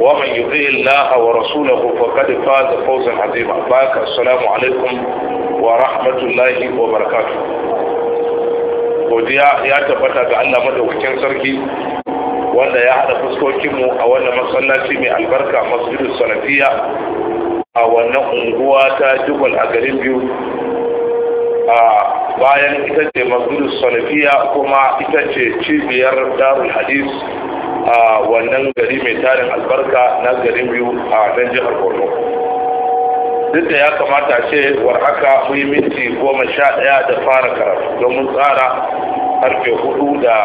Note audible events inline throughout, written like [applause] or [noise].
ومن يطيع الله ورسوله فقد فاز فوزا عظيما باك السلام عليكم ورحمة الله وبركاته godiya ya tabbata ga Allah madaukakin sarki wanda ya haɗa fuskokinmu a wannan masallaci mai albarka masjidu salafiya a wannan unguwa ta jubal a garin biyu a bayan ita ce masjidu salafiya kuma ita ce cibiyar darul hadis a wannan gari mai tarin albarka na garin biyu a nan jihar borno duk da ya kamata ce war haka muyi minti goma sha ɗaya da fara karatu don tsara harfe hudu da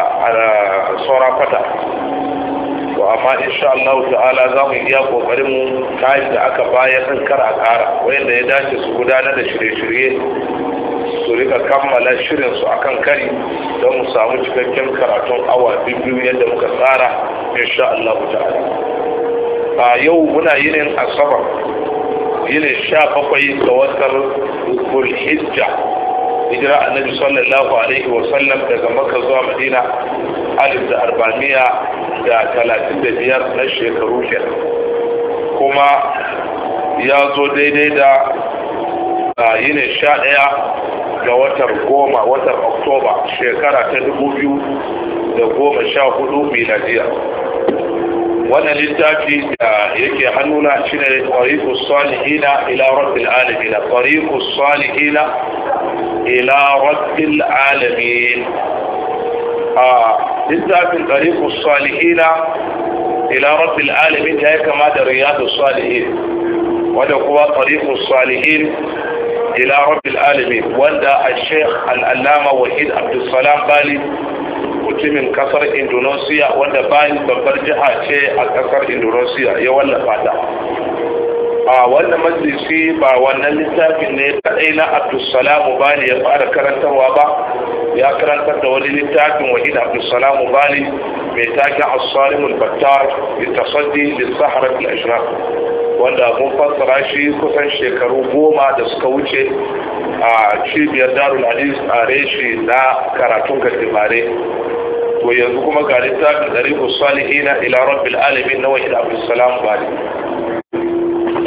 saura fata to amma insha Allah ta'ala za mu iya kokarin mu kayan da aka bayar ɗan kar a ƙara, wayanda ya dace su gudanar da shirye-shirye su rika kammala shirin su akan kari don mu samu cikakken karatun awa biyu yadda muka tsara insha Allah ta'ala a yau muna yinin asabar yinin sha bakwai ga watar zulhijja hijira annabi sallallahu alaihi wa sallam daga makka zuwa madina alif da arba'amiya da talatin da biyar na shekaru kenan kuma ya zo daidai da yi ne sha ɗaya ga watar goma watar oktoba shekara ta dubu biyu da goma sha hudu miladiya wannan littafi da yake hannuna shi ne tsariku salihina ila rabbil alamin tsariku salihina ila rabbil alamin a littafin tsariku salihina ila rabbil alamin ya yi kama da riyadu salihin wadda kuma tsariku salihin ila rabbil wanda al-sheikh al-allama wahid abdul salam bali mutumin kasar indonesia wanda bayan babbar jiha ce a kasar indonesia ya wallafa ta a wannan majalisi ba wannan littafin ne kadai na abdulsalamu bali ya fara karantarwa ba ya karantar da wani littafin wani wahid abdulsalamu bali mai taken asarimul battar litasaddi lissaharar al-ashraf wanda mun fassara shi kusan shekaru goma da suka wuce a cibiyar darul hadis a reshi na karatun gardimare to yanzu kuma ga littafin ɗari usalihina ila rabbil alamin na wahid abdulsalam bali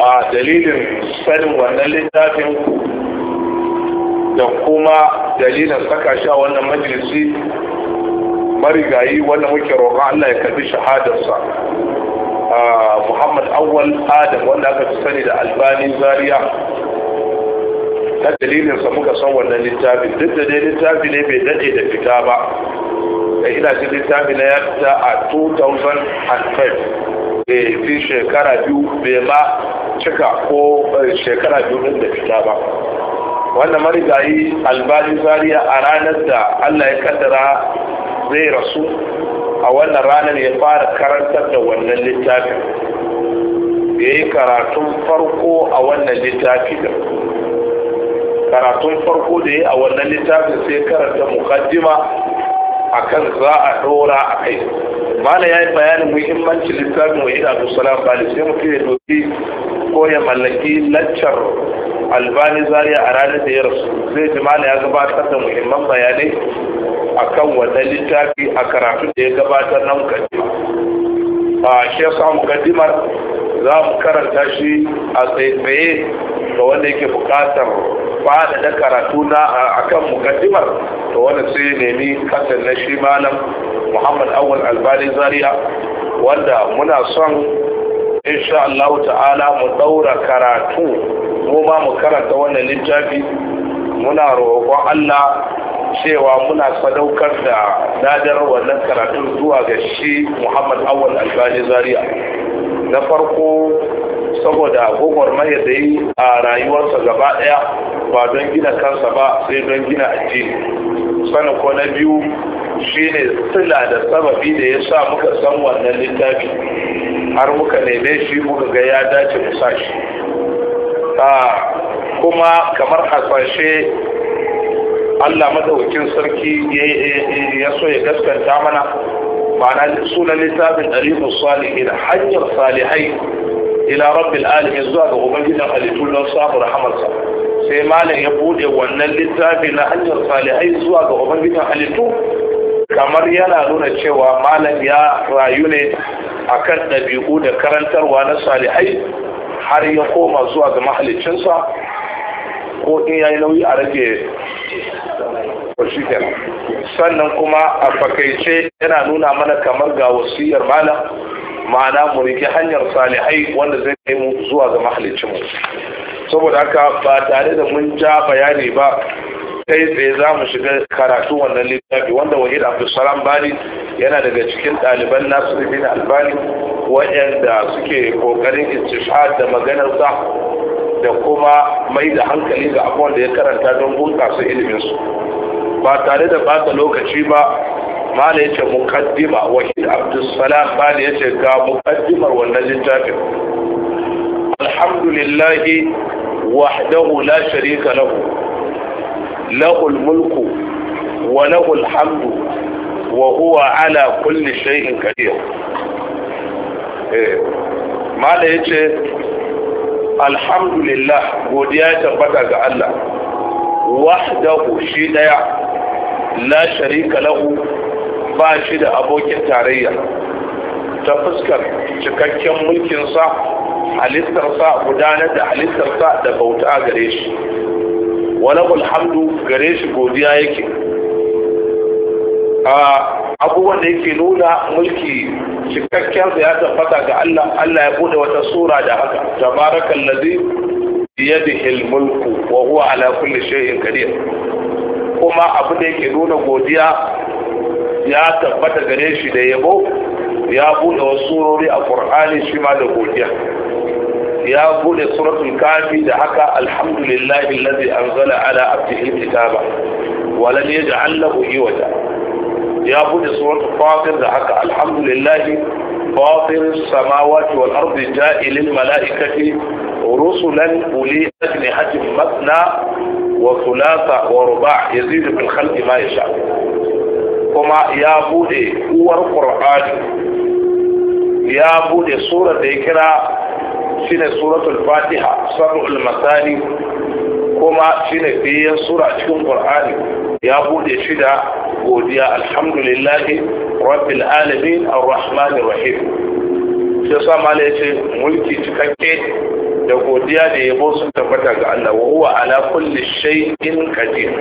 a dalilin sanin wannan littafin da kuma dalilin saka shi a wannan majalisi marigayi wanda muke roƙon Allah ya karbi shahadarsa Muhammad Awwal Adam wanda aka fi sani da Albani Zaria ta dalilinsa muka san wannan littafin duk da dai littafi ne bai daɗe da fita ba da ina jin littafi na ya fita a 2005 fi shekara biyu bai ma cika ko eh, shekara biyu din da fita ba wannan marigayi albani zariya a ranar da allah ya kaddara zai rasu a wannan ranar ya fara karantar da wannan littafin ya yi karatun farko a wannan littafi da karatun farko da ya yi a wannan littafin sai karanta mukaddima akan za a dora a kai mana ya yi bayanin muhimmancin littafin wa ila salam bali sai mu ya doki ko ya mallaki laccar albani zariya a ranar da ya rasu zai ji mana ya gabatar da muhimman bayanai akan wannan littafi a karatu da ya gabatar na mukaddima a shi yasa mukaddimar za mu karanta shi a tsaye ga wanda yake bukatar fada da karatu na akan mukaddimar to wani sai nemi kasar na shi malam muhammad awal albani zaria wanda muna son insha Allah ta'ala mu daura karatu mu ma mu karanta wannan littafi muna roƙon Allah cewa muna sadaukar da dadar wannan karatu zuwa ga shi Muhammad Awal Albani Zaria na farko saboda mai da yi a rayuwarsa gaba ɗaya ba don gina kansa ba sai don gina addini Sani ko na biyu shine sila da sababi da ya sa muka san wannan littafi har muka neme shi muka ga ya dace mu sa shi kuma kamar hasashe Allah madawakin sarki ya so ya gaskanta mana Ba na sunan littafin ɗariƙus salihina hanyar salihai ila rabbil alamin zuwa ga ubangijin halittu don samu rahamarsa sai malam ya bude wannan littafi na hanyar salihai zuwa ga ubangijin halittu kamar yana nuna cewa malam ya rayu ne akan ɗabi'u da karantarwa na salihai har ya koma zuwa ga mahalicinsa ko in ya yi nauyi a rage sannan kuma a fakaice yana nuna mana kamar ga wasiyar malam ma'ana mu rike hanyar salihai wanda zai kai mu zuwa ga mahallicin mu saboda haka ba tare da mun ja bayani ba kai tsaye za mu shiga karatu wannan littafi wanda wahid abdulsalam bani yana daga cikin ɗaliban nasiruddin albani waɗanda suke ƙoƙarin istishhad da maganarsa da kuma mai da hankali ga abubuwan da ya karanta don bunƙasa iliminsu ba tare da bata lokaci ba mala yace muqaddima wahid abdussalam mala yace ga muqaddimar wannan littafin alhamdulillah wahdahu la sharika lahu lahu mulku wa lahu alhamdu wa huwa ala kulli shay'in qadir eh mala yace alhamdulillah godiya tabbata ga Allah wahdahu shi daya la sharika lahu ba shi da abokin tarayya ta fuskar cikakken mulkinsa halittarsa gudanar da halittarsa da bauta gare shi walakul alhamdu gare shi godiya yake abubuwan da yake nuna mulki cikakken ya tabbata ga Allah Allah ya bude wata sura da haka tabarakal ladhi yadihi mulku wa huwa ala kulli shay'in qadir kuma abu da yake nuna godiya ya tabbata gare shi da yabo ya bude wasu surori a qur'ani shi ma da godiya ya bude suratul kafi da haka alhamdulillahi an anzala ala abdihi alkitaba wa da yaj'al lahu wata. ya bude suratul fatir da haka alhamdulillahi fatir as-samawati wal ardi ja'ilil malaikati rusulan uli ajnihati mathna wa thulatha wa ruba' yazidu fil khalqi ma yasha' kuma ya bude uwar qur'ani ya bude surar da ya kira shine suratul fatiha sab'ul masani kuma shine biyan sura cikin qur'ani ya bude shi da godiya alhamdulillahi rabbil alamin arrahmanir rahim sai sa mala mulki cikakke da godiya da yabo sun tabbata ga Allah wa huwa ala kulli shay'in qadir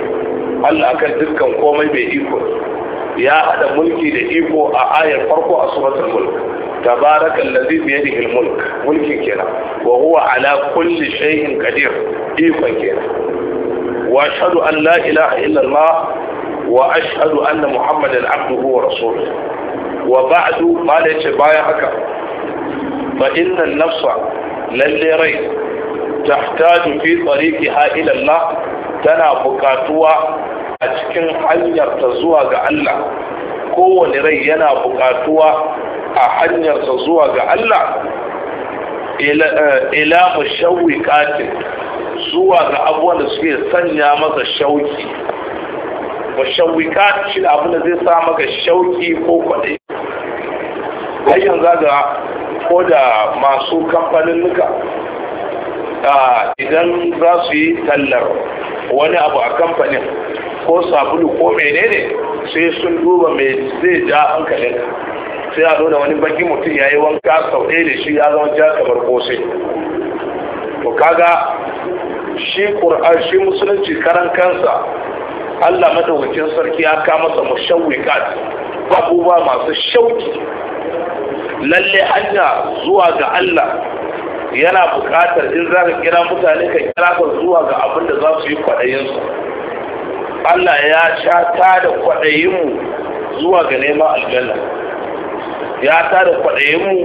Allah akan dukkan komai bai iko ya hada mulki da iko a ayar farko a suratul mulk tabaraka allazi bi yadihi almulk mulki kenan wa huwa ala kulli shay'in qadir ikon kenan wa ashhadu an la ilaha illa allah wa ashhadu anna muhammadan abduhu wa rasuluhu wa ba'du ma da yace bayan haka fa inna an-nafsa lalle rai tahtaju fi tariqiha ila allah tana buƙatuwa a cikin hanyarta zuwa ga Allah kowane rai yana buƙatuwa a ta zuwa ga Allah ila katin eh, zuwa ga abubuwan da suke sanya masa shauki Ba shi da abin da zai sa maka shauki ko kwaɗe hanyar zaga ko da masu kamfanin nuka ah, idan za su yi tallar wani abu a kamfanin ko sabulu ko menene sai sun duba mai zai ja hankalinka sai a nuna wani baki mutum ya yi wanka sau ɗaya da shi ya zama ja kamar kosai to kaga shi ƙur'an shi musulunci karan kansa allah madaukakin sarki ya kama sa mushawwiqat abubuwa masu shauki lalle hanya zuwa ga allah yana buƙatar in za ka kira mutane ka kira ka zuwa ga abin da za su yi kwaɗayinsu Allah ya sha ta da kwaɗayinmu zuwa ga neman aljanna ya ta da kwaɗayinmu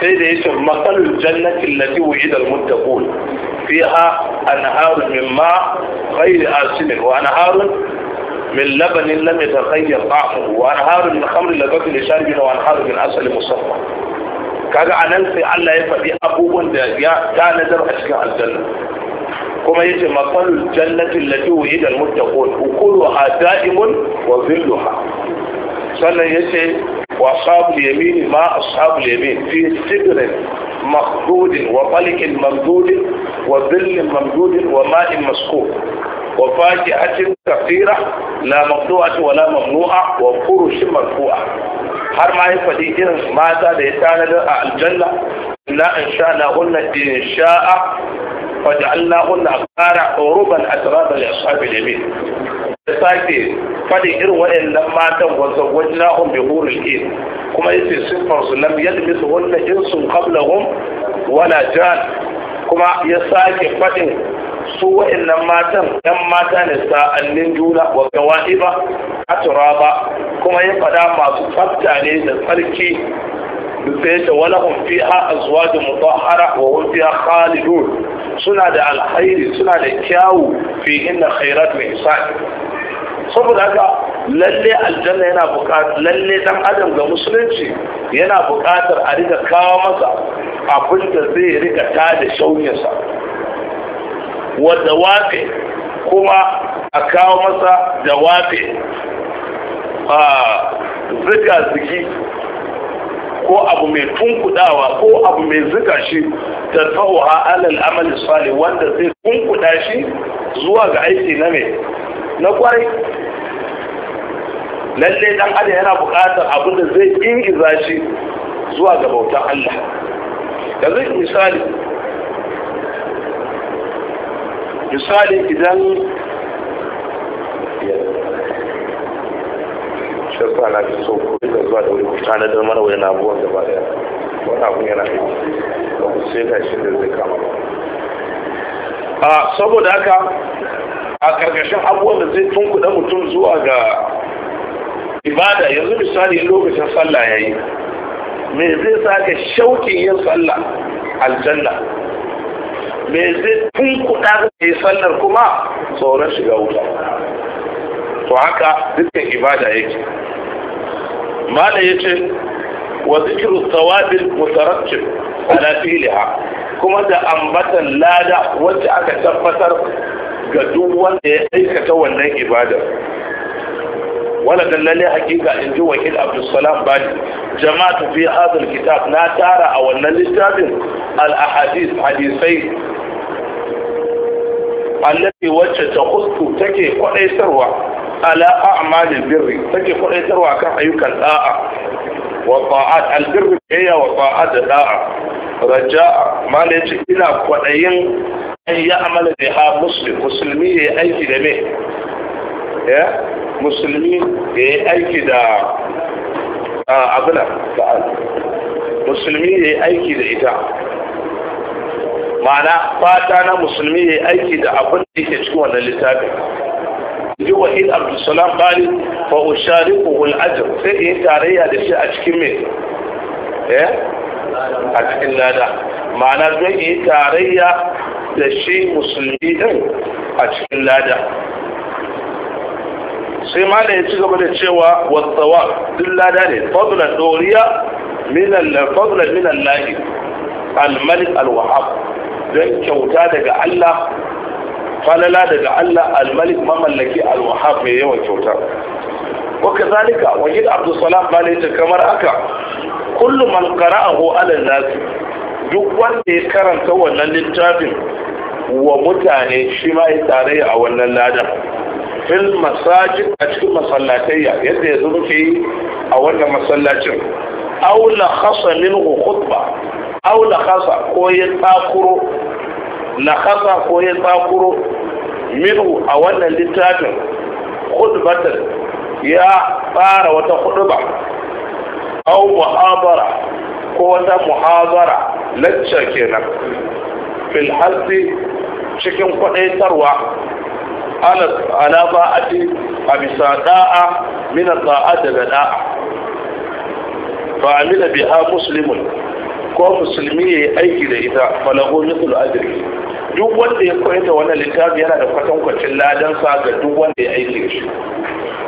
sai da yake matsalar jannatin lati wuyi da muttaqun fiha anharun min ma ghayri asin wa anharun min labanin lam yataghayyar ta'muhu wa anharun min khamrin labatin lisharibin wa anharun min asali musamman kaga anan sai Allah ya faɗi abubuwan da ya tanadar a cikin aljanna كما يجي مطل الجنة التي وعد المتقون وكلها دائم وظلها صلى يجي وأصحاب اليمين ما أصحاب اليمين في سدر مخدود وطلق ممدود وظل ممدود وماء مسكوب وفاكهة كثيرة لا مقطوعة ولا ممنوعة وفرش مرفوعة har ma ya faɗi irin mata da ya tanadar a aljanna na in sha na hunna in sha'a fa ja'alna hunna qara a atraba li ashabi yamin da sake faɗin irin waɗannan matan wanda wajen hum bi hurul ain kuma yace siffar su lam yadmisu hunna insun qablahum wala jan kuma ya sake faɗin su wa'annan matan ɗan mata ne sa'annin juna wa gawa'iba aturaba kuma ya fada masu tsafta ne da tsarki rufe ta wala hun fiha da mutahara wa wufi fiha khalidun suna da alkhairi suna da kyawu fi inda khairat mai ihsan saboda haka lalle aljanna yana buƙatar lalle dan adam ga musulunci yana buƙatar a riga kawo masa abin da zai rika tada shauninsa wa dawafe kuma a kawo masa dawafe a zika ziki ko abu mai tunkudawa ko abu mai zika shi ta tsawaha alal amali sali wanda zai tunkuda shi zuwa ga aiki na mai na kwarai lalle dan adam yana bukatar abin da zai ingiza shi zuwa ga bautan Allah yanzu misali misali idan shirka na fi so ko da zuwa da wuri ku tana da mara wani abubuwan gaba daya wani abu yana aiki ba ku sai ga shi da zai kama a saboda haka a karkashin abubuwan da zai tunkuɗa mutum zuwa ga ibada yanzu misali lokacin sallah ya yi me zai sa ka shauƙin yin sallah aljanna me zai tun kuɗa da sallar kuma tsoron shiga wuta to haka dukkan ibada yake mala ya ce wa zikiru tsawabin mutarattin a filiha kuma da ambatan lada wacce aka tabbatar ga duk wanda ya aikata wannan ibadar wala dan lalle hakika in ji wakil abdussalam bani jama'atu fi hadal kitab na tara a wannan littafin al ahadith hadisai allati wacce ta hustu take kwadaitarwa ala a'malil birri take kwadaitarwa kan ayyukan da'a wa ta'at al birri ayya wa ta'at da'a raja'a mala yace ina kwadayin an yi amala biha muslim musulmi ya yi aiki da me ya musulmi ya yi aiki da abuna musulmi ya aiki da ita ma'ana fata na musulmi ya yi aiki da abin da yake cikin wannan littafin ji wa in abdulsalam bali fa ushari kuhul ajir sai in tarayya da shi a cikin mai eh? a cikin lada ma'ana zai yi tarayya da shi musulmi din a cikin lada sai ma da ya ci gaba da cewa wasawa duk lada ne fadlan doriya fadlan min allahi al-malik don kyauta daga allah falala daga allah al mamallaki al mai yawan kyauta وكذلك وجد Abdulsalam السلام da kamar Kullum كل kara قرأه على nasi. duk wanda ya karanta wannan littafin wa mutane shi ma ya tarayya a wannan ladan fil masajid a cikin masallatayya yadda ya muke yi a wannan masallacin aula khasa minhu khutba aula khasa ko ya tsakuro la khasa ko ya tsakuro min a wannan littafin khutbatan ya fara wata khutba aw muhabara ko wata muhabara lacca kenan fil cikin kwadaitarwa ala ba'ati a bisa da'a min da'a daga da'a fa amila biha muslimun ko musulmi yayi aiki da ita falahu mithlu ajri duk wanda ya koyar da wannan littafi yana da kwatankwacin ladan sa ga duk wanda ya aiki da shi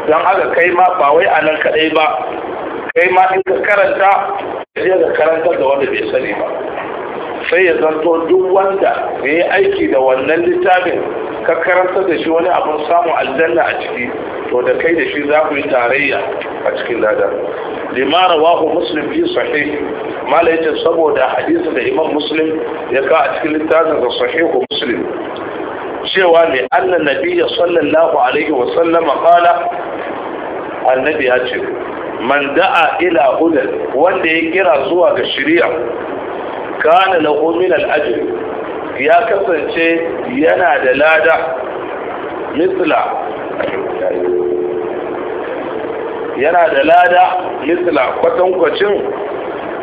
don haka kai ma ba wai a nan kadai ba kai ma in ka karanta sai ka karanta da wanda bai sani ba sai ya zanto duk wanda ya yi aiki da wannan littafin Karkarantar da shi wani abin samun aljanna a ciki to da kai da shi za ku yi tarayya a cikin lada limara wahu muslim fi sahih mala yace saboda hadisi da imam muslim ya ka a cikin littafin sa sahihu muslim cewa ne anna nabiyya sallallahu alaihi wa sallam qala annabi ya ce man da'a ila hudan wanda ya kira zuwa ga shari'a kana lahu min al-ajr ya kasance yana da lada misla yana da lada misla kwatankwacin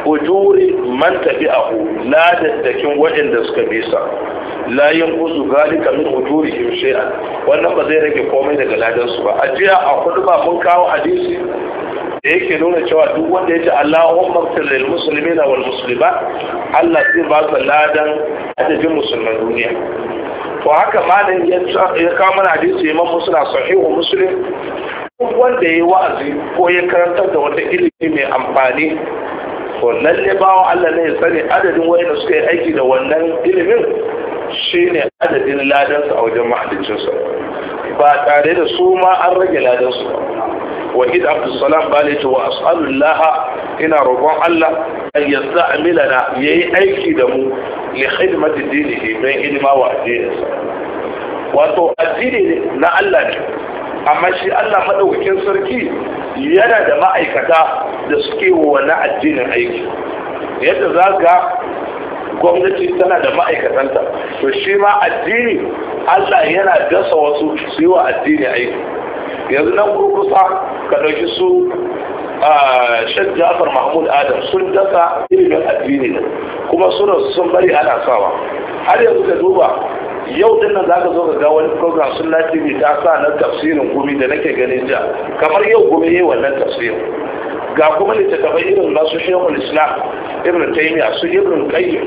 ujuri man tafi ahu ladaddakin waɗanda suka bisa la yanqusu zalika min ujurihim shi'a wannan ba zai rage komai daga ladansu su ba jiya a kudu ba mun kawo hadisi da yake nuna cewa duk wanda ya ce Allahumma ighfir lil na wal ba. Allah zai ba su ladan adadin musulman duniya to haka malam ya kawo mana hadisi ya imam suna sahihu musulun? duk wanda ya yi wa'azi ko ya karantar da wata ilimi mai amfani to lalle Allah ne ya sani adadin wayanda suka yi aiki da wannan ilimin shine adadin ladansu a wajen mahaliccinsu ba tare da su ma an rage ladansu wa id abdussalam bale ta wa as'alullaha ina roƙon Allah an ya yayi aiki da mu li khidmati dinihi don hidima wa addininsa wato addini na Allah ne amma shi Allah maɗaukakin sarki yana da ma'aikata da suke wani addinin aiki yadda za ga gwamnati tana da ma'aikatanta to shi ma addini allah yana dasa wasu su yi wa addini aiki yanzu nan kurkusa ka ɗauki su shan jafar mahmud adam sun dasa ilimin addini ne kuma suna sun bari ana sawa har yanzu ka duba yau din nan zaka zo ka ga wani program sun lati ta sa na tafsirin gumi da nake ganin ja kamar yau gumi yayi wannan tafsirin ga kuma littattafai irin nasu shehul islam irin taimiya su irin kayyar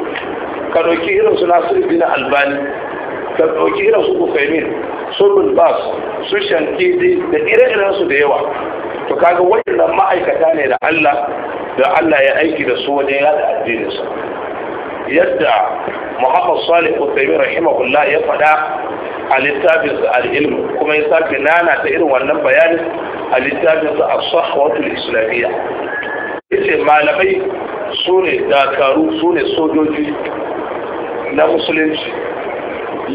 ka ɗauki irin su nasiru bin albani ka ɗauki irin su kufaimin su bulbas su shankidi da ire-iren su da yawa to kaga wannan ma'aikata ne da allah da allah ya aiki da su wajen yada addininsa yadda muhammad salih uthaymeen rahimahullah ya fada a littafin su kuma ya sake nana ta irin wannan bayanin a littafin su a sahwatul islamiyya ce malamai su ne dakaru su ne sojoji na musulunci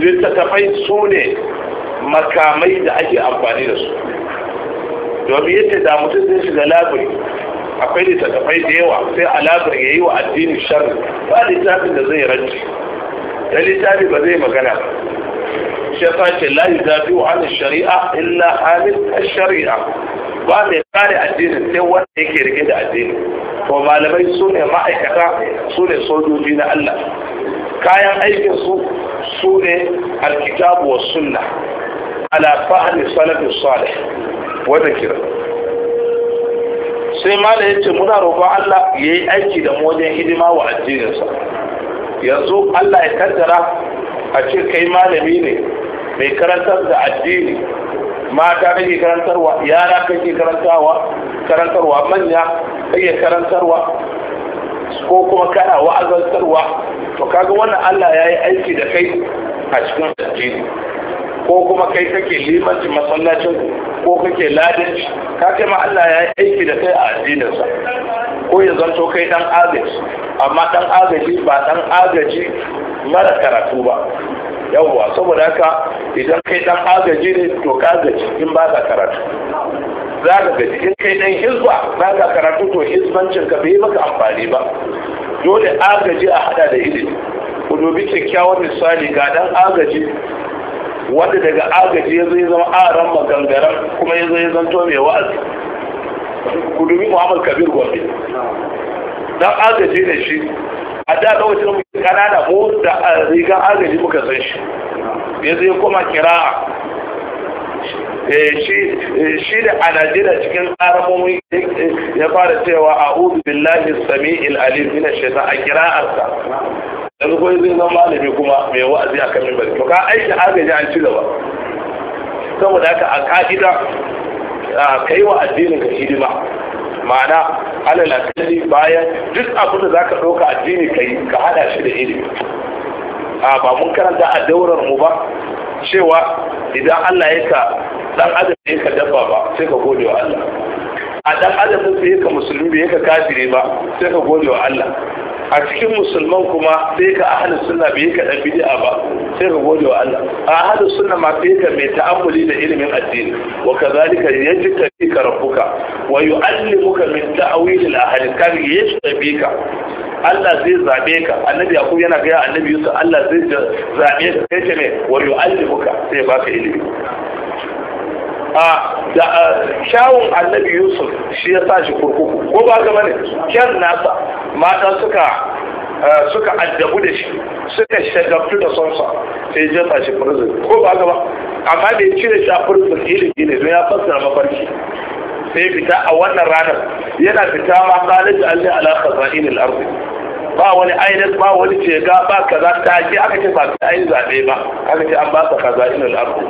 littattafai su ne makamai da ake amfani da su domin yadda da mutum zai shiga labari akwai littattafai da yawa sai alaƙar ya yi wa addini sharri ba littafin da zai ranci da littafi ba zai magana ba shi yasa ce la yuzafi wa an shari'a illa halin shari'a ba mai kare addinin sai wanda yake rike da addini to malamai su ne ma'aikata su ne sojoji na Allah kayan aikin su su ne alkitabu wa sunna ala fahmi salafin salih wa dhikr sai mala ya ce muna roƙo Allah ya yi aiki da mu wajen hidima wa addininsa yanzu Allah ya kaddara a ce kai malami ne mai karantar da addini mata kake karantarwa yara kake karantawa karantarwa manya kake karantarwa ko kuma kana wa'azantarwa to kaga wannan Allah ya yi aiki da kai a cikin addini ko kuma kai kake limancin masallacin ko kake ladanci ka kai ma Allah ya yi aiki da kai a addininsa ko ya zanto kai dan agaji amma dan agaji ba dan agaji mara karatu ba yawwa saboda haka idan kai dan agaji ne to ka gaji in ba ka karatu za ka gaji in kai dan hizba za ka karatu to hizbancin ka bai maka amfani ba dole agaji a hada da ilimi ku dubi kyakkyawan misali ga dan agaji wanda daga agaji ya zai zama aran magangaran kuma ya zai zanto mai wa'azi ku dubi muhammad kabir gombe dan agaji ne shi a da lokacin mu kanana mu da rigan agaji muka san shi ya zai kuma kira. Eh, eh, shi da a najeriya cikin tsaramomi eh, ya fara cewa a billahi sami'il alim ina shaitan a kira'arsa yanzu ko zai zama malami kuma mai wa'azi akan mimbari to ka aiki agaji an ci gaba saboda haka a ka'ida kai wa addinin ka hidima ma'ana alal akalli bayan duk abin da zaka ɗauka addini kai ka hada shi da ilimi a ba mun karanta a daurar mu ba cewa idan Allah ya ka dan adam ya ka dabba ba sai ka gode wa Allah a dan adam sai ka musulmi bai ka kafire ba sai ka gode wa Allah a cikin musulman kuma sai ka ahalin suna bai ka ɗan bid'a ba sai ka gode wa Allah a ahalin suna ma sai ka mai ta'amuli da ilimin addini wa ka ka fi ka rabbuka wa muka min ta'wil al-ahadith kan ka, Allah zai zabe ka annabi yakub yana gaya annabi yusuf Allah zai zabe ka sai ka ne wa muka sai baka ilimi da kyawun annabi yusuf shi ya sa shi kurkuku ko ba gaba ne kyan nasa mata suka suka addabu da shi suka shagabtu da sonsa sai ya jasa shi prison ko ba gaba amma da ya cire shi a prison ilimi ne don ya fassara mafarki sai fita a wannan ranar yana fita ma khalid alli ala khaza'in al ardi ba wani ainihin ba wani cega ba kaza ta ji aka ce ba ta ainihin zaɓe ba aka ce an ba ta khaza'in al ardi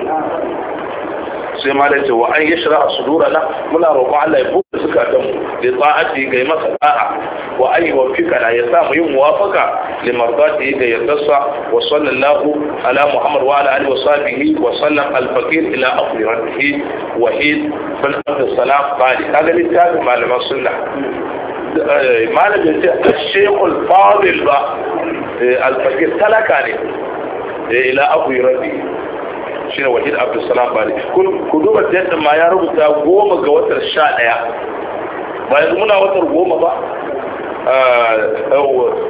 sai malam ce wa an yashra sudurana muna roƙo Allah ya buɗe zukatan mu da ta'ati ga masa da'a wa an yuwaffiqana ya sa mu yin muwafaqa li mardati ga yardarsa wa sallallahu ala muhammad wa ala alihi wa sahbihi wa sallam al faqir ila akhiratihi wa hid bin abd salam qali kaga littafin malaman sunna malamin ce shekul fadil ba al faqir talaka ne ila akhiratihi shine wahid abdulsalam bari ku duba date ma ya rubuta goma ga watar sha ɗaya ba yanzu muna watar goma ba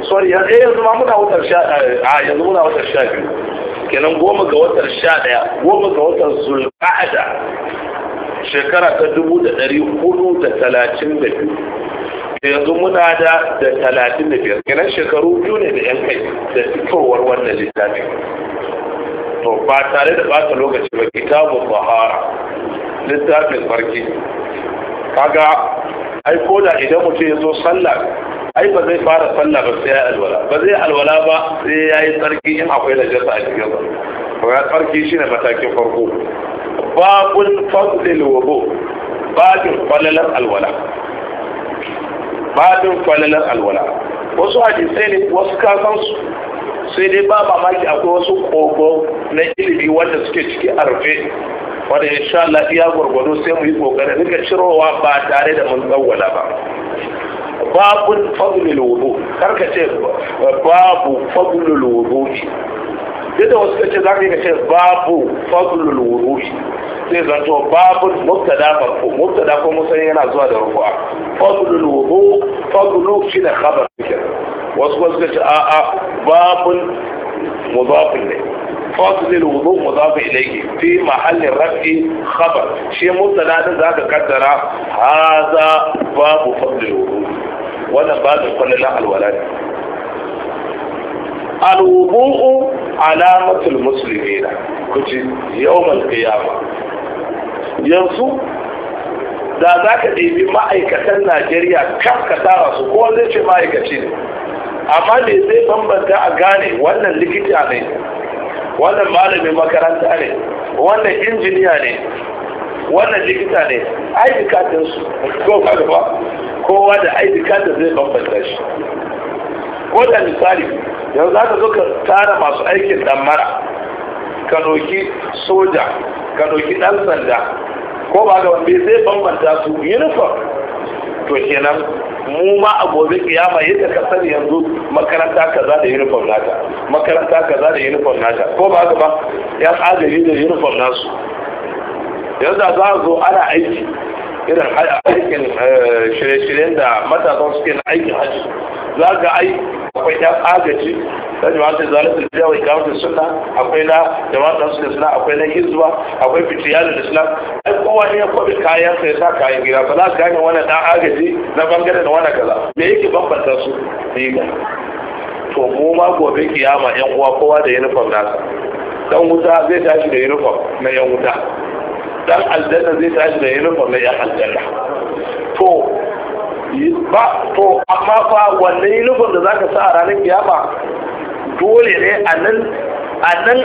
sorry yanzu yanzu ma muna watar sha a yanzu muna watar sha biyu kenan goma ga watar sha ɗaya goma ga watar zulqa'ada shekara ta dubu da ɗari hudu da talatin da biyu yanzu muna da da talatin da biyar kenan shekaru biyu ne da yan kai da fitowar wannan littafin to ba tare da bata lokaci ba kitabun bahara littafin farki kaga ai ko da idan mutum ya zo sallah ai ba zai fara sallah ba sai ya alwala ba zai alwala ba sai ya yi tsarki in akwai najasa a cikin ba. to ya tsarki shine matakin farko babul fadlil wudu babin falalar alwala babin falalar alwala wasu hadisai ne wasu kasan su sai dai ba mamaki akwai wasu kogo na ilimi wanda suke ciki a rufe wanda insha Allah iya gwargwado sai mu yi kokarin rika cirowa ba tare da mun tsawwala ba babu fadlul wudu karka ce babu fadlul wudu yadda wasu kace za ka yi kace babu fadlul wudu sai zanto babu mubtada ko mubtada ko musayyana yana zuwa da rufa fadlul wudu fadlu shi da khabar kenan wasu wasu ce a a babun muzafin ne fasu zai rubutu muzafin ilaiki fi mahallin rafi khabar shi mutala da za ka kaddara haza babu fadlil wudu wanda ba ta kwallala alwala ne alwudu alamatul muslimi na kuci yawan kiyama yanzu da za ka ɗebi ma'aikatan najeriya kan ka tara su ko zai ce ma'aikaci ne amma me zai bambanta a gane wannan likita ne wannan malamin makaranta ne wannan injiniya ne wannan likita ne aidikatin su ko ba kowa da aidikatin zai bambanta shi ko da misali yanzu za ka zo ka tara masu aikin damara ka doki soja ka doki dan sanda ko ba ga wanda zai bambanta su uniform to kenan mu ma a gobe kiyama yadda ka sani yanzu makaranta kaza da uniform naka makaranta kaza da uniform naka ko ba haka ba ya tsadari da uniform nasu yanzu za a zo ana aiki irin aikin eh, shirye-shiryen da matasan suke na aikin hajji za ga ai akwai yan agaji da jama'atar zalatul biya wa ikamatu suna akwai na jama'a su da suna akwai na izuwa, akwai fitiya da suna ai kowa ne ya kwabi kayan sai sa kayan gida ba za ka gane wani dan agaji na bangare da wani kaza me yake bambanta su ne to mu ma gobe kiyama yan uwa kowa da uniform nasa dan wuta zai tashi da uniform na yan wuta dan aljanna zai tashi da yana kwallon yan aljanna to ba to amma fa wannan uniform da zaka sa a ranar kiyama dole ne a nan a nan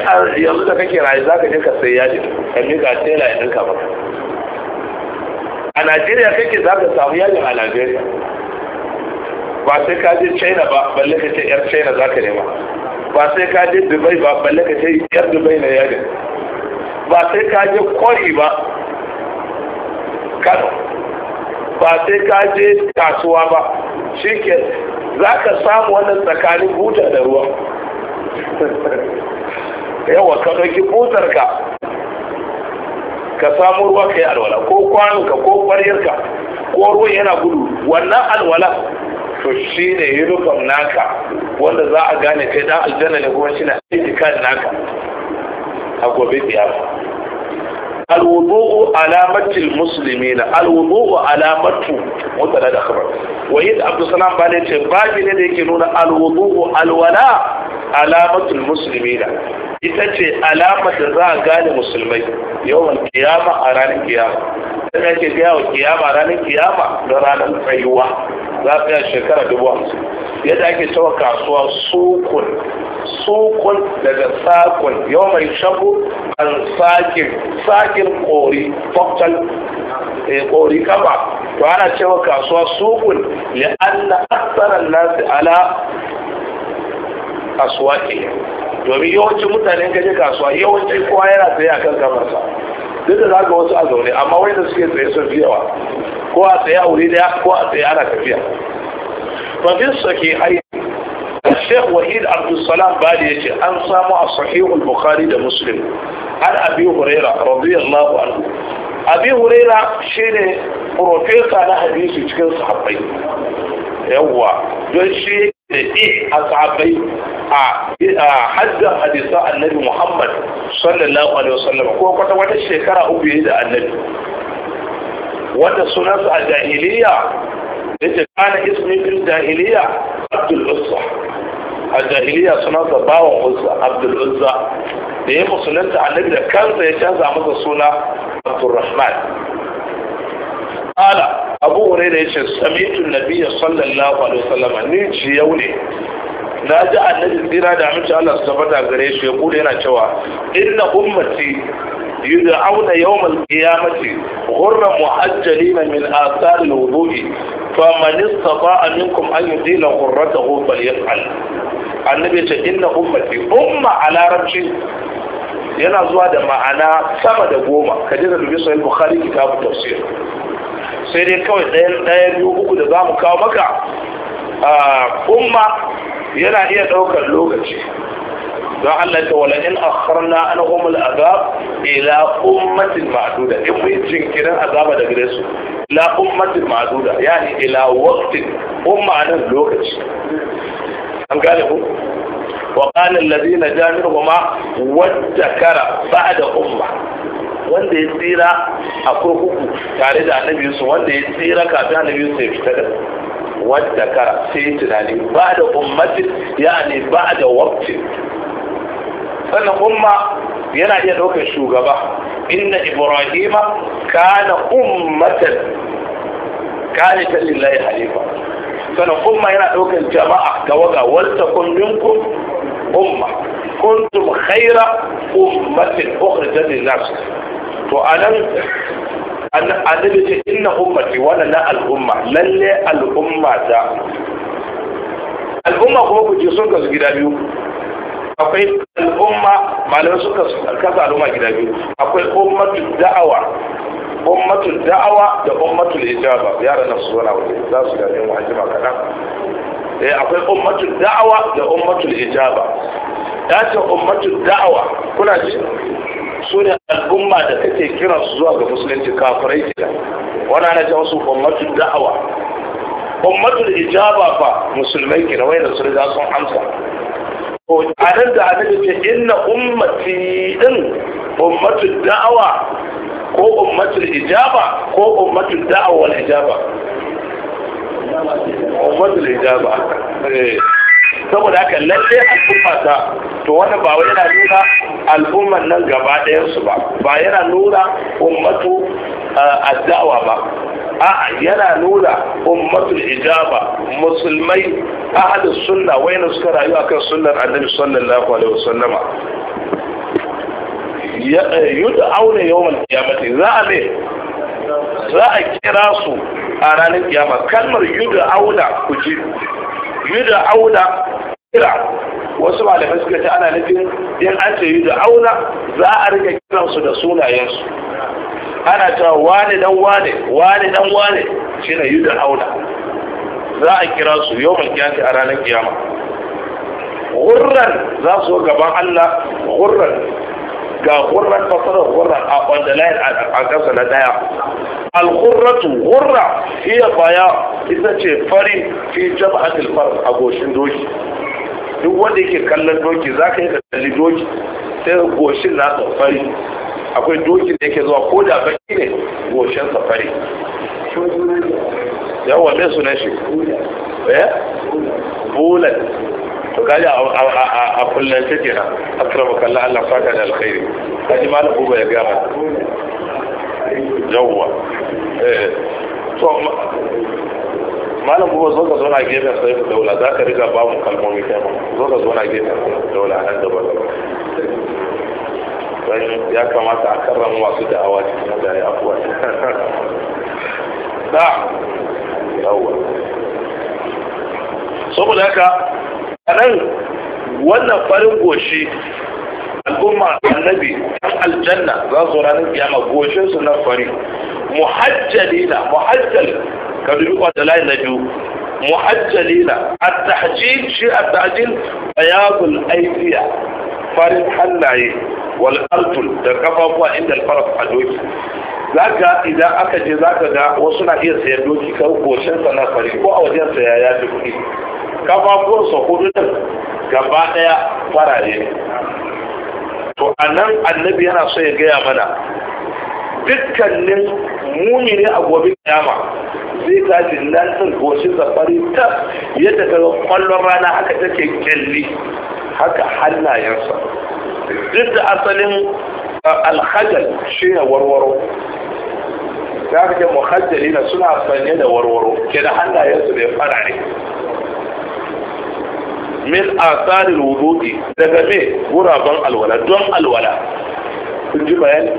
yanzu da kake rayu zaka je ka sai yaji ka miƙa tela idan ka ba a najeriya kake za ka samu yajin a najeriya ba sai ka je china ba balle ka ce yar china za ka nema ba sai ka je dubai ba balle ka ce yar dubai na yajin ba sai ka je kwari ba kano ba sai ka je kasuwa ba shi ke za ka samu wannan tsakanin buta da ruwa [laughs] yawa ka ɗauki butar ka ka samu ruwa ka yi alwala ko kwanuka ko kwaryarka ko ruwan yana gudu wannan alwala to shi ne yunifam naka wanda za a gane kai dan aljanna ne kuma shi na itikad naka a gobe kiyama alwudu'u alamatil muslimina alwudu'u alamatu mutala da khabar wahid abdussalam bale ce babi ne da yake nuna alwudu'u alwala alamatul muslimina ita ce alamar da za a gane musulmai yawan kiyama a ranar kiyama dan yake ga wa kiyama ranar kiyama da ranar tsayuwa za ta shekara dubu hamsin yadda ake cewa kasuwa sukun sukun daga sakun yau mai shabu an sakin sakin kori faktal kori eh, kaba to ana cewa kasuwa sukun li'anna aksarar nasi ala kasuwa ke domin yawancin mutanen gaje kasuwa yawancin kowa yana tsaye a kan kamarsa duk da zaga wasu a zaune amma wanda suke tsaye sun fi yawa ko a tsaye a wuri daya ko a tsaye ana tafiya. Mafis sake aiki Wa'id وحيد عبد السلام بالي أن سامع صحيح البخاري ده da عن An هريرة رضي الله عنه أبي هريرة شيني بروفيسا لا cikin sahabbai yawa don shi ne e a sahabbai a hadda hadisa annabi Muhammad sallallahu alaihi wasallam ko kwata wata shekara uku yi da annabi wanda sunansa a jahiliya yace kana ismi fil jahiliya Abdul Usah a jahiliya suna da bawan uzza abdul uzza da ya musulunta annabi da kansa ya canza masa suna abdurrahman ala abu hurairah yace sami'tu nabiyya sallallahu alaihi wasallam ni jiyau ne na ji annabi tsira da aminci Allah su tabbata gare shi ya kuda yana cewa inna ummati yud'auna yawm al-qiyamati ghurra mu'ajjalina min athar al-wudu'i faman istata'a minkum an yudila ghurratahu falyaf'al annabi ce inna ummati umma a larabci yana zuwa da ma'ana sama da goma kaje da dubi sahih bukhari kitabu tafsir sai dai kawai ɗayan ɗaya biyu uku da za mu kawo maka umma yana iya ɗaukar lokaci don Allah ta wala in akharna an umul azab ila ummatin ma'duda in mun jinkirin azaba da gare su ila ummatin ma'duda yani ila waqtin umma nan lokaci an gane ku wa qala alladhina jami'uhuma wadakara ba'da umma wanda ya tsira a kurkuku tare da annabi su wanda ya tsira kafin annabi su ya fita da والذكر في تناني بعد أمة يعني بعد وقت sannan umma yana iya ɗaukar shugaba inna ibrahima kana ummatan kana ta lillahi halifa sannan umma yana ɗaukar jama'a tawaga walta kun minkum umma kuntum khaira ummatin ukhrijat lin nas to anan annabi ce inna ummati wala na al'umma lalle al'umma ta al'umma kuma ku je sun kasu gida biyu akwai al'umma malamai suka kasa al'umma gida biyu akwai ummatul da'awa ummatul da'awa da ummatul ijaba yaran nan su zo na waje za su gane mu an jima kaɗan Eh, akwai ummatul da'awa da ummatul ijaba ya ce ummatul da'awa kuna ji su ne al'umma da take kira su zuwa ga musulunci kafirai kida Wana na ce wasu ummatul da'awa ummatul ijaba fa musulmai kira wai da su riga sun amsa ko a nan da annabi ce inna ummati din ummatul da'awa ko ummatul ijaba ko ummatul da'awa wal ijaba ummatul ijaba eh, saboda haka lalle al'umma ta to wannan ba wai yana nuna al'ummar nan gaba ɗayan su ba ba yana nuna ummatu eh, addawa ba a'a yana nuna ummatul ijaba musulmai ahadu sunna wayna suka rayu akan sunnar annabi sallallahu alaihi wasallama eh, yud'auna yawmal qiyamati za a ne za a kira su a ranar kiyama kalmar yuda auna ku ji yuda auna kira wasu malamai suka ce ana nufin yin an ce yuda auna za a rika kiransu da sunayensu ana cewa wane dan wane wane dan wane shine yuda auna za a kira su yau mai kiyasi a ranar kiyama gurran za su gaban Allah gurran ga hurran fasarar hurran a wanda layar a ƙasa na ɗaya alhurratu hurra iya baya ita ce farin fi jama'atul fars a goshin doki duk wanda yake kallon doki za ka yi kalli doki sai goshin na fari akwai doki da yake zuwa ko da baki ne goshen safari yawon ne sunan shi eh? bulan to kaji a kullum a kenan akrama kalla Allah fata da alkhairi ji malam buba ya gama yawwa eh, to malam buba zo ka zauna gefen sai ku daula za ka riga ba mu kalmomi kai zo ka zauna gefen sai ku daula nan da bala ya kamata a karrama wasu da'awa cikin da ya afuwa da [laughs] yawwa saboda haka nan wannan farin goshi al'umma annabi ɗan aljanna za su ranar kiyama goshin su na fari muhajjalina muhajjal ka dubi kwata layin na biyu muhajjalina a tahjil shi a tahjil bayabul aifiya farin hannaye wal artul da kafafuwa inda alfarar a doki zaka idan aka je zaka ga wasu na iya sayar doki ka goshin sana fari ko a wajen saya ya fi kuɗi kafafuwan sa hudu din gaba ɗaya farare ne to anan annabi yana so ya gaya mana dukkanin mumini a gobe kiyama zai tashi nan din goshin sa ta yadda ga kwallon rana haka take kyalli haka hannayensa duk da asalin alhajjal shi ne warwaro da aka ce muhajjali na suna sanye da warwaro ke da hannayensu bai fara ne min asarin wudu'i daga me guraben alwala don alwala Sun ji bayani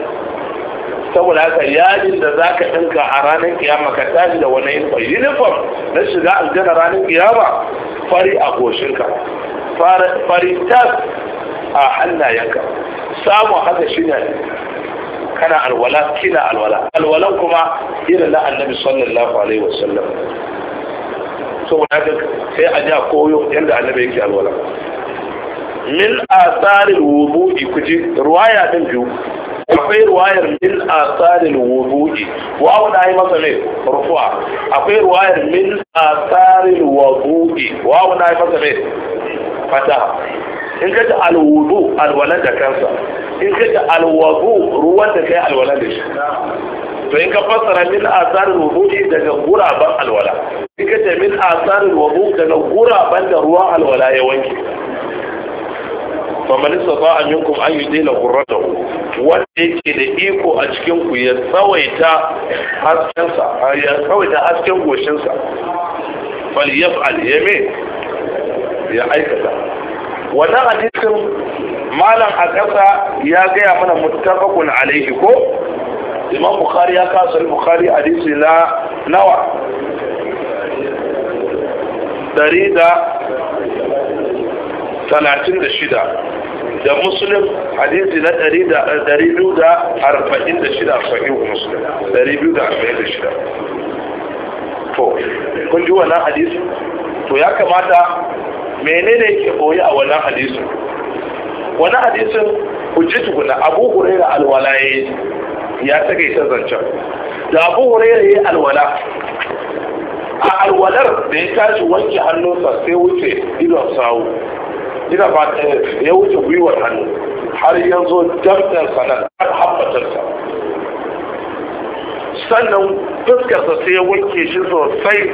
saboda haka yajin da za ka ɗinka a ranar kiyama ka tashi da wani uniform na shiga aljanna ranar kiyama fari a goshinka fari tas a hannayenka samun haka shi ne kana alwala kina alwala alwalan kuma irin na annabi sallallahu alaihi wasallam saboda haka sai a ja koyo yadda annabi yake alwala min asarin wudu'i kuji ruwaya din biyu akwai ruwayar min asarin wudu'i wawu na yi masa mai rufuwa akwai ruwayar min asarin wudu'i wawu na yi masa mai fata in ka ji alwudu alwalan da kansa in ka ji alwudu ruwan da kai alwalan da shi to in ka fassara min asarin wudu'i daga guraben alwala in ka ji min asarin wudu daga guraben da ruwan alwala ya wanke Ba faman yankun an yi an yudila qurratahu wanda yake da iko a cikin ku ya tsawaita hasken sa ya tsawaita hasken goshin fal yaf'al yame ya aikata wannan hadisin malam a ƙasa ya gaya mana muttafaqun alaihi ko imam bukhari ya kasa sahih bukhari hadisi na nawa dari da talatin da shida da muslim hadisi na dari biyu da arba'in da shida sahihu muslim dari biyu da arba'in da shida to kun ji wannan hadisi to ya kamata menene yake koyi a wannan hadisin wannan hadisin hujjatu na abu huraira alwala ya tage ta zancen da abu huraira yayi alwala a alwalar da ya tashi wanke hannunsa sai wuce idon sawu ina ba ya wuce gwiwar hannu har yanzu damtarsa sanar har habbatarsa sannan fuskarsa sai ya wanke shi sosai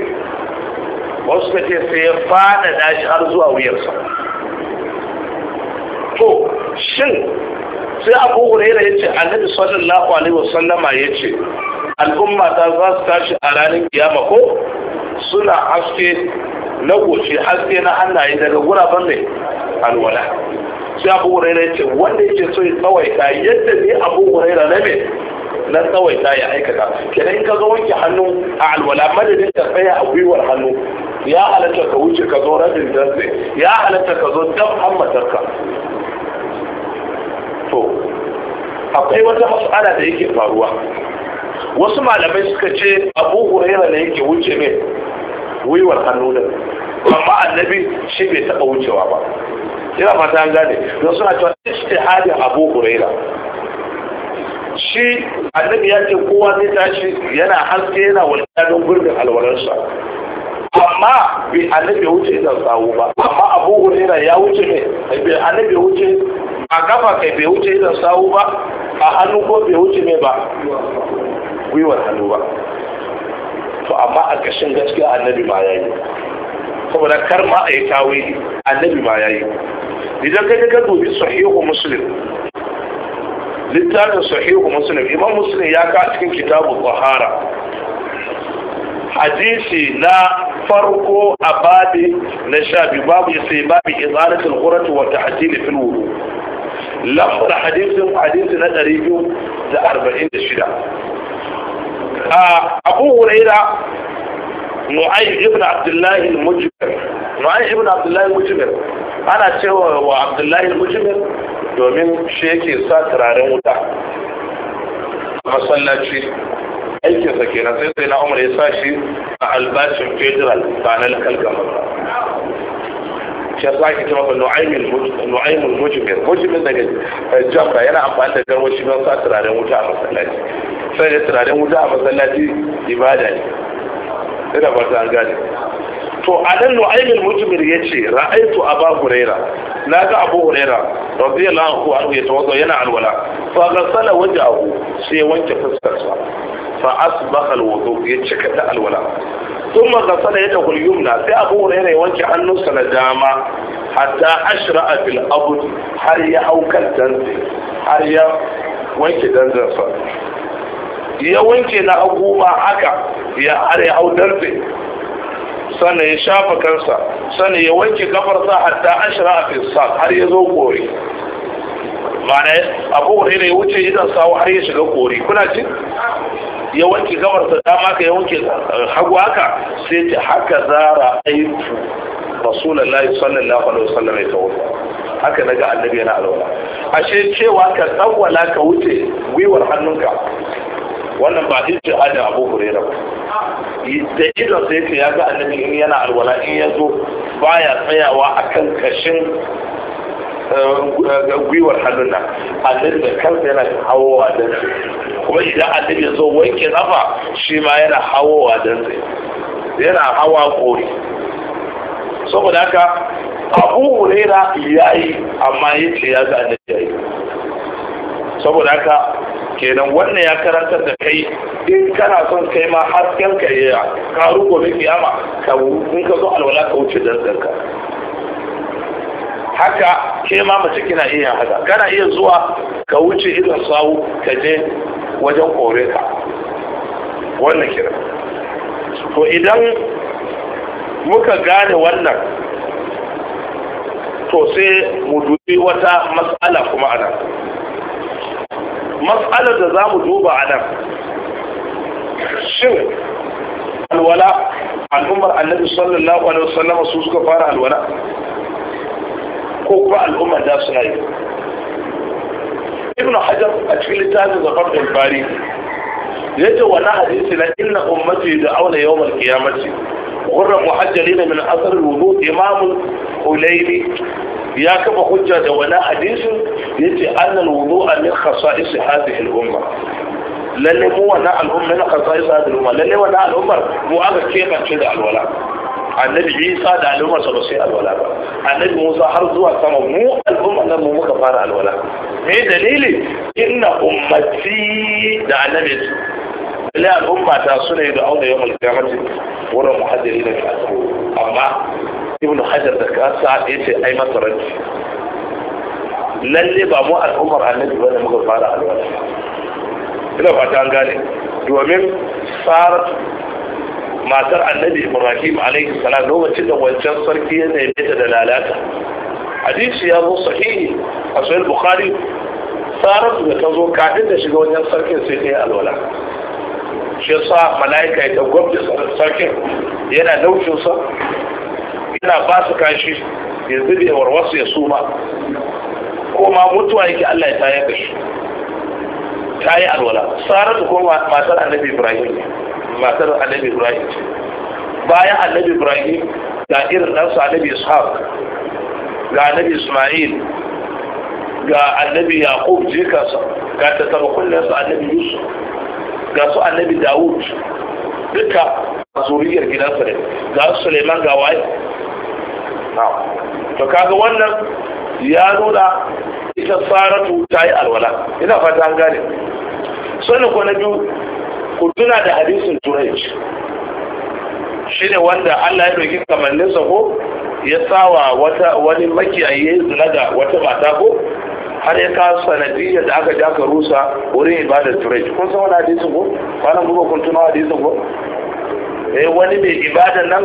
wasu suka ce sai ya da shi har zuwa wuyarsa to shin sai abu huraira ya ce annabi sallallahu alaihi wasallama ya ce al'umma ta za su tashi a ranar kiyama ko suna haske na goce haske na hannaye daga guraben mai alwala sai abu huraira ya ce wanda yake so ya tsawaita yadda ne abu huraira na me na tsawaita ya aikata kenan in ka zo wanke hannu a alwala madadin ka tsaya a gwiwar hannu ya halatta ka wuce ka zo rabin dantse ya halatta ka zo dab hammatarka to akwai wata mas'ala da yake faruwa wasu malamai suka ce abu huraira ne yake wuce ne gwiwar hannu da amma annabi shi bai taɓa wucewa ba ina fata an gane don suna cewa istihadin abu huraira shi annabi ya ce kowa zai tashi yana haske yana walƙiya don gurbin alwalarsa amma bai annabi ya wuce idan sawu ba amma abu hurera ya wuce ne bai annabi ya wuce a kafa kai bai wuce idan sawu ba a hannu ko bai wuce ne ba gwiwar hannu ba to amma a ƙashin gaskiya annabi ma ya yi saboda kar ma a yi tawili annabi ma ya yi idan ka ka dubi sahihu muslim littafin sahihu muslim imam muslim ya ka cikin kitabu tahara hadisi na farko a babi na sha biyu babu ya sai babi izalatul quratu wa ta'dil fil wudu lafar hadisin hadisi na 246 a abu huraira nu'aym ibn abdullah al-mujmir nu'aym ibn abdullah al-mujmir ana cewa wa abdullah al-mujmir domin shi yake sa turaren wuta masallaci aikinsa kenan sai sai na umar ya sa shi a albashin federal ba na kalgama shi ya sa ki ce maka mujmir mujmir daga jamba yana amfani da garwashi don sa turaren wuta a masallaci sai da turaren wuta a masallaci ibada ne ina ba ta an gane to a nan mutumin anan nu'aymin mujmir yace ra'aytu aba huraira naga abu huraira radiyallahu anhu ya tawadda yana alwala fa ghassala abu sai wanke fuskarsa fa asbaha alwudu ya cika da alwala thumma ghassala yadahu al-yumna sai abu huraira ya wanke hannunsa na dama hatta a fil abu har ya haukal danzi har ya wanke danzansa ya wanke na hagu haka ya are ya hau darbe sannan ya shafa kansa sannan ya wanke kafarsa hatta ashira a fisa har ya zo kori mana abu hurairu ya wuce idan sawo har ya shiga kori kuna ci ya wanke kafarsa dama ka ya wanke hagu haka sai ta haka zara aiki sannan na falo sannan mai tawo haka daga annabi yana alwala ashe cewa ka tsawwala ka wuce gwiwar hannunka wannan ba ce hajjin abu hurera ba da idon sai ce ya ga annabi in yana alwala in ya zo baya tsayawa a kan kashin eh, gwiwar hannun nan annabi da kansa yana hawowa don sai kuma idan annabi ya zo wanke zafa shi ma yana hawowa don sai yana hawa kori saboda haka abu hurera ya yi amma ya ce ya ga annabi ya yi saboda haka kenan wannan ya karantar da kai in kana son kai ma hasken ka ya karu gobe kiyama ka in ka zo alwala ka wuce dantsan ka haka ke ma mace kina iya haka kana iya zuwa ka wuce idan sawu ka je wajen kore ka wannan kira to idan muka gane wannan to sai mu dubi wata matsala kuma nan. matsalar da za mu duba a nan shin alwala al'ummar annabi sallallahu alaihi wasallama su suka fara alwala ko kuma al'ummar da suna yi ibn hajar a cikin littafin zafar da ya ce wani hadisi na inna ummati da auna yawmal qiyamati غرة محجلين من أثر الوضوء إمام الليلي ياكب حجة ولا حديث يتي أن الوضوء من خصائص هذه الأمة لأنه هو نع الأمة من خصائص هذه الأمة لأنه هو نع الأمة مؤغة كيف تشد على الولاء النبي عيسى دع الأمة سبسي على الولاء النبي موسى حرزوا السماء مو الأمة لم مكفار على الولاء ايه دليلي إن أمتي دع النبي ila al'umma ta suna yi da auna yau mai kamata wurin muhajjari da kasu amma ibn hajar da kasa ya ce ai masa ranci lalle ba mu al'ummar annabi ba da muka fara alwala ina fata an gane domin tsarar matar annabi ibrahim alaihi salam lokacin da wancan sarki ya neme ta da lalata hadisi ya zo sahihi a sahih bukhari tsarar da ta zo kafin da shiga wajen sarkin sai ta yi alwala shi sa mala'ika ya gwamnati sarkin yana naushinsa yana ba su kashi ya zube warwasu ya suma ko ma mutuwa yake Allah ya tayar da shi ta yi alwala saratu kuma matar annabi ibrahim matar annabi ibrahim bayan annabi ibrahim ga irin ɗansa annabi ishaq ga annabi ismail ga annabi yaqub jikarsa ga tattabakullansa annabi yusuf ga su annabi dawud duka zuriyar gidansa ne ga su suleiman ga waye to kaga wannan ya nuna ita saratu ta yi alwala ina fata an gane sani ko na biyu ku tuna da hadisin turai shi ne wanda allah ya doki kamanninsa ko ya sawa wani makiyayi wata mata ko har ya ka sanadiyyar da aka jaka rusa wurin ibadar turai kun san wani hadisin ko kwanan gobe kun tuna hadisin ko eh wani mai ibadar nan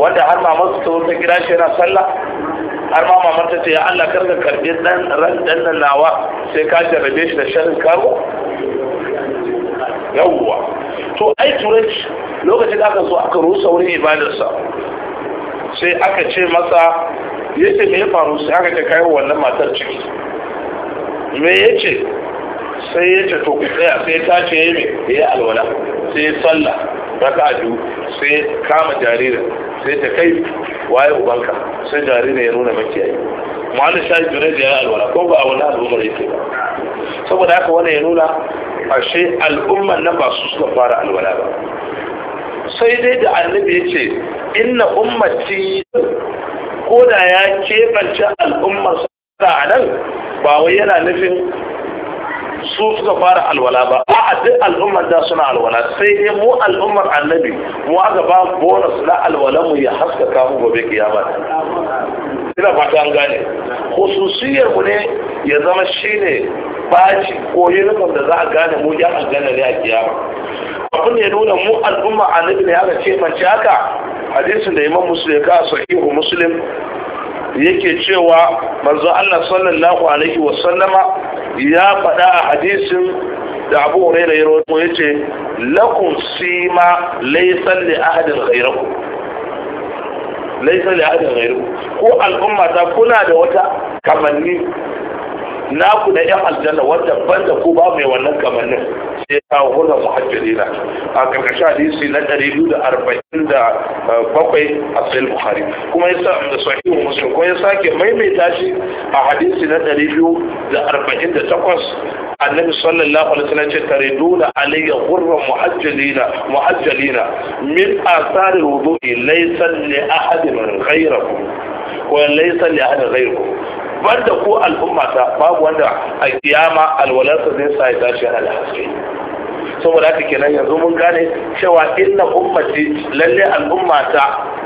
wanda har maman su ta kira shi yana sallah har ma mamar ta ce ya Allah ka karbi dan ran dan nan nawa sai ka jarabe shi da sharrin karo yawwa to ai turai lokacin da aka zo aka rusa wurin ibadarsa sai aka ce masa yace me ya faru sai aka ta kai wannan matar ciki me ya ce sai ya ce to ku tsaya sai ta ce ya ya yi alwala sai ya sallah raka biyu sai kama jaririn sai ta kai waye ubanka sai jaririn ya nuna makiyayi ma'ana shayi jure da ya alwala ko ba a wani al'ummar ya yake ba saboda haka wani ya nuna ashe al'ummar nan ba su suka fara alwala ba sai dai da annabi ya ce inna ummati ko da ya keɓance al'ummar a nan ba wai yana nufin su suka fara alwala ba Ba a duk al'ummar da suna alwala sai dai mu al'ummar annabi mu aka ba bonus na alwala mu ya haska mu gobe kiyama ina fata an gane khususiyar mu ne ya zama shine baci ko yirkan da za a gane mu ya gane ne a kiyama abin da ya nuna mu al'umma annabi ne aka ce mace haka hadisin da imam muslim ka sahihu muslim yake cewa manzo Allah sallallahu alaihi wa sallama ya faɗa a hadisin da Abu Hurairah ya rawaito yace lakum sima laysa li ahadin ghayrakum laysa li ahadin ghayrakum ko al'umma ta kuna da wata kamanni naku da yan aljanna wanda ban da ku ba mai wannan kamannin sai ya kawo hulun muhajjirina a karkashin hadisi na ɗari biyu da arba'in da eh, bakwai a sayil Bukhari. kuma ya sa da sahihu muslim kuma ya sake maimaita shi a hadisi na ɗari biyu da arba'in da takwas annabi sallallahu alaihi wasallam ce tariduna alayya ghurran muhajjalina muhajjalina min athari wudu'i laysa li ahadin ghayrakum wa laysa li ahadin ghayrukum Wanda ko al'ummata babu wanda a kiyama alwalarsa zai sa ya tashi yana haske saboda haka kenan yanzu mun gane cewa inna ummati lalle al'ummata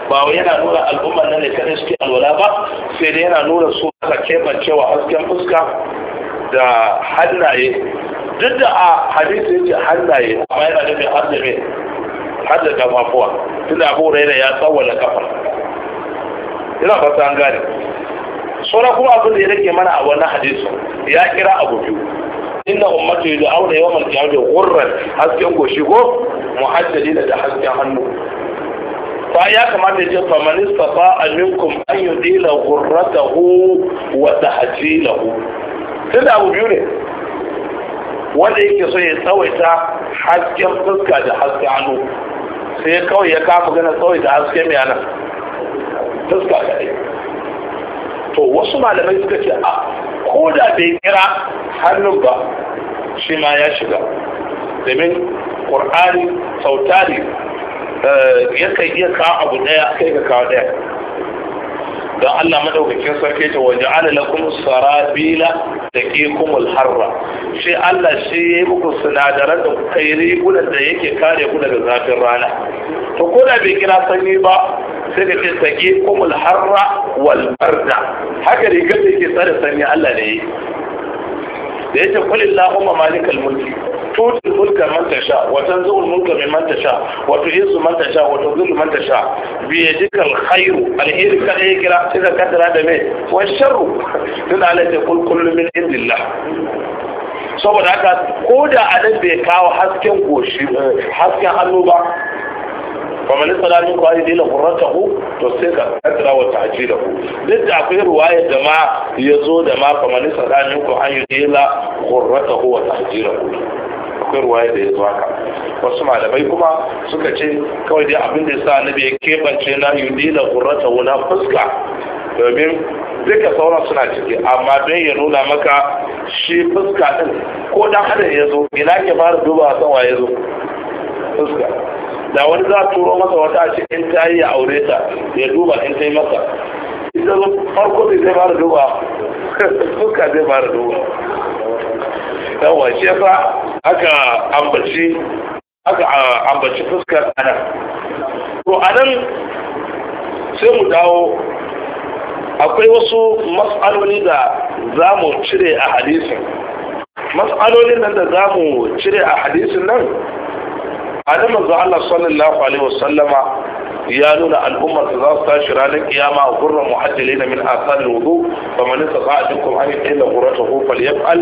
ba wai yana nuna al'ummar nan ne kada suke alwala ba sai dai yana nuna su aka cewa hasken fuska da hannaye duk da a hadisi yake hannaye amma yana da mai har da mai har da kafafuwa tunda abu raina ya tsawala kafa ina fata an gane sauran kuma abin da ya rage mana a wannan hadisin ya kira abu biyu inna ummatu yud'auna yawmal da ghurran hasken goshi ko muhaddidina da hasken hannu fa ya kamata ya ce fa man istafa minkum an yudila ghurratahu wa tahjilahu tunda abu biyu ne wanda yake so ya tsawaita hasken fuska da hasken hannu sai kawai ya kama gana tsawaita hasken mai nan fuska kaɗai to wasu malamai suka ce a ah, ko da bai kira hannun ba shi ma ya shiga domin ƙur'ani sautari eh, kai iya kawo abu ɗaya kai ka kawo ɗaya don Allah maɗaukakin sarki ta waje ala lakum sarabila da ke kumul shi Allah shi ya yi muku sinadaran da kuka rigunan da yake kare ku daga zafin rana to ko da bai kira sanyi ba sai ka ce sake kumul harra wal barda haka ne da ke tsare sanyi Allah ne yi da ya ce kulin lahumma malikal mulki tutul mulka man tasha wa tanzul mulka mimman tasha wa tu'izu man tasha wa tudhillu man tasha bi yadika alkhairu alheri kada ya kira sai ka kaddara da mai, wa sharru dan Allah ya kul kullu min indillah saboda haka ko da adan bai kawo hasken goshi eh, hasken hannu ba ومن استطاع da أن يدين قرته تصدق أجر وتعجيله ضد أقول رواية جماعة يزود ما فمن استطاع منكم أن يدين قرته وتعجيله akwai ruwaya da ya zo haka wasu malamai kuma suka ce kawai dai abin da ya sa annabi ya keɓance na yudila qurrata na fuska domin duka sauran suna ciki amma don ya nuna maka shi fuska din ko dan adam ya zo ke fara duba tsawa ya zo fuska da wani za a turo masa wata a cikin ta yi ya aure ta ya duba in ta yi masa ita farko zai zai fara duba suka zai fara duba yawa shi fa aka ambaci aka ambaci fuskar anan to anan sai mu dawo akwai wasu matsaloli da za mu cire a hadisin matsalolin nan da za mu cire a hadisin nan anan manzo Allah sallallahu alaihi wasallama ya nuna al'ummar za su tashi ranar kiyama a gurra muhajjalina min asar wudu fa man istata'a minkum an yaqila qurratahu falyaf'al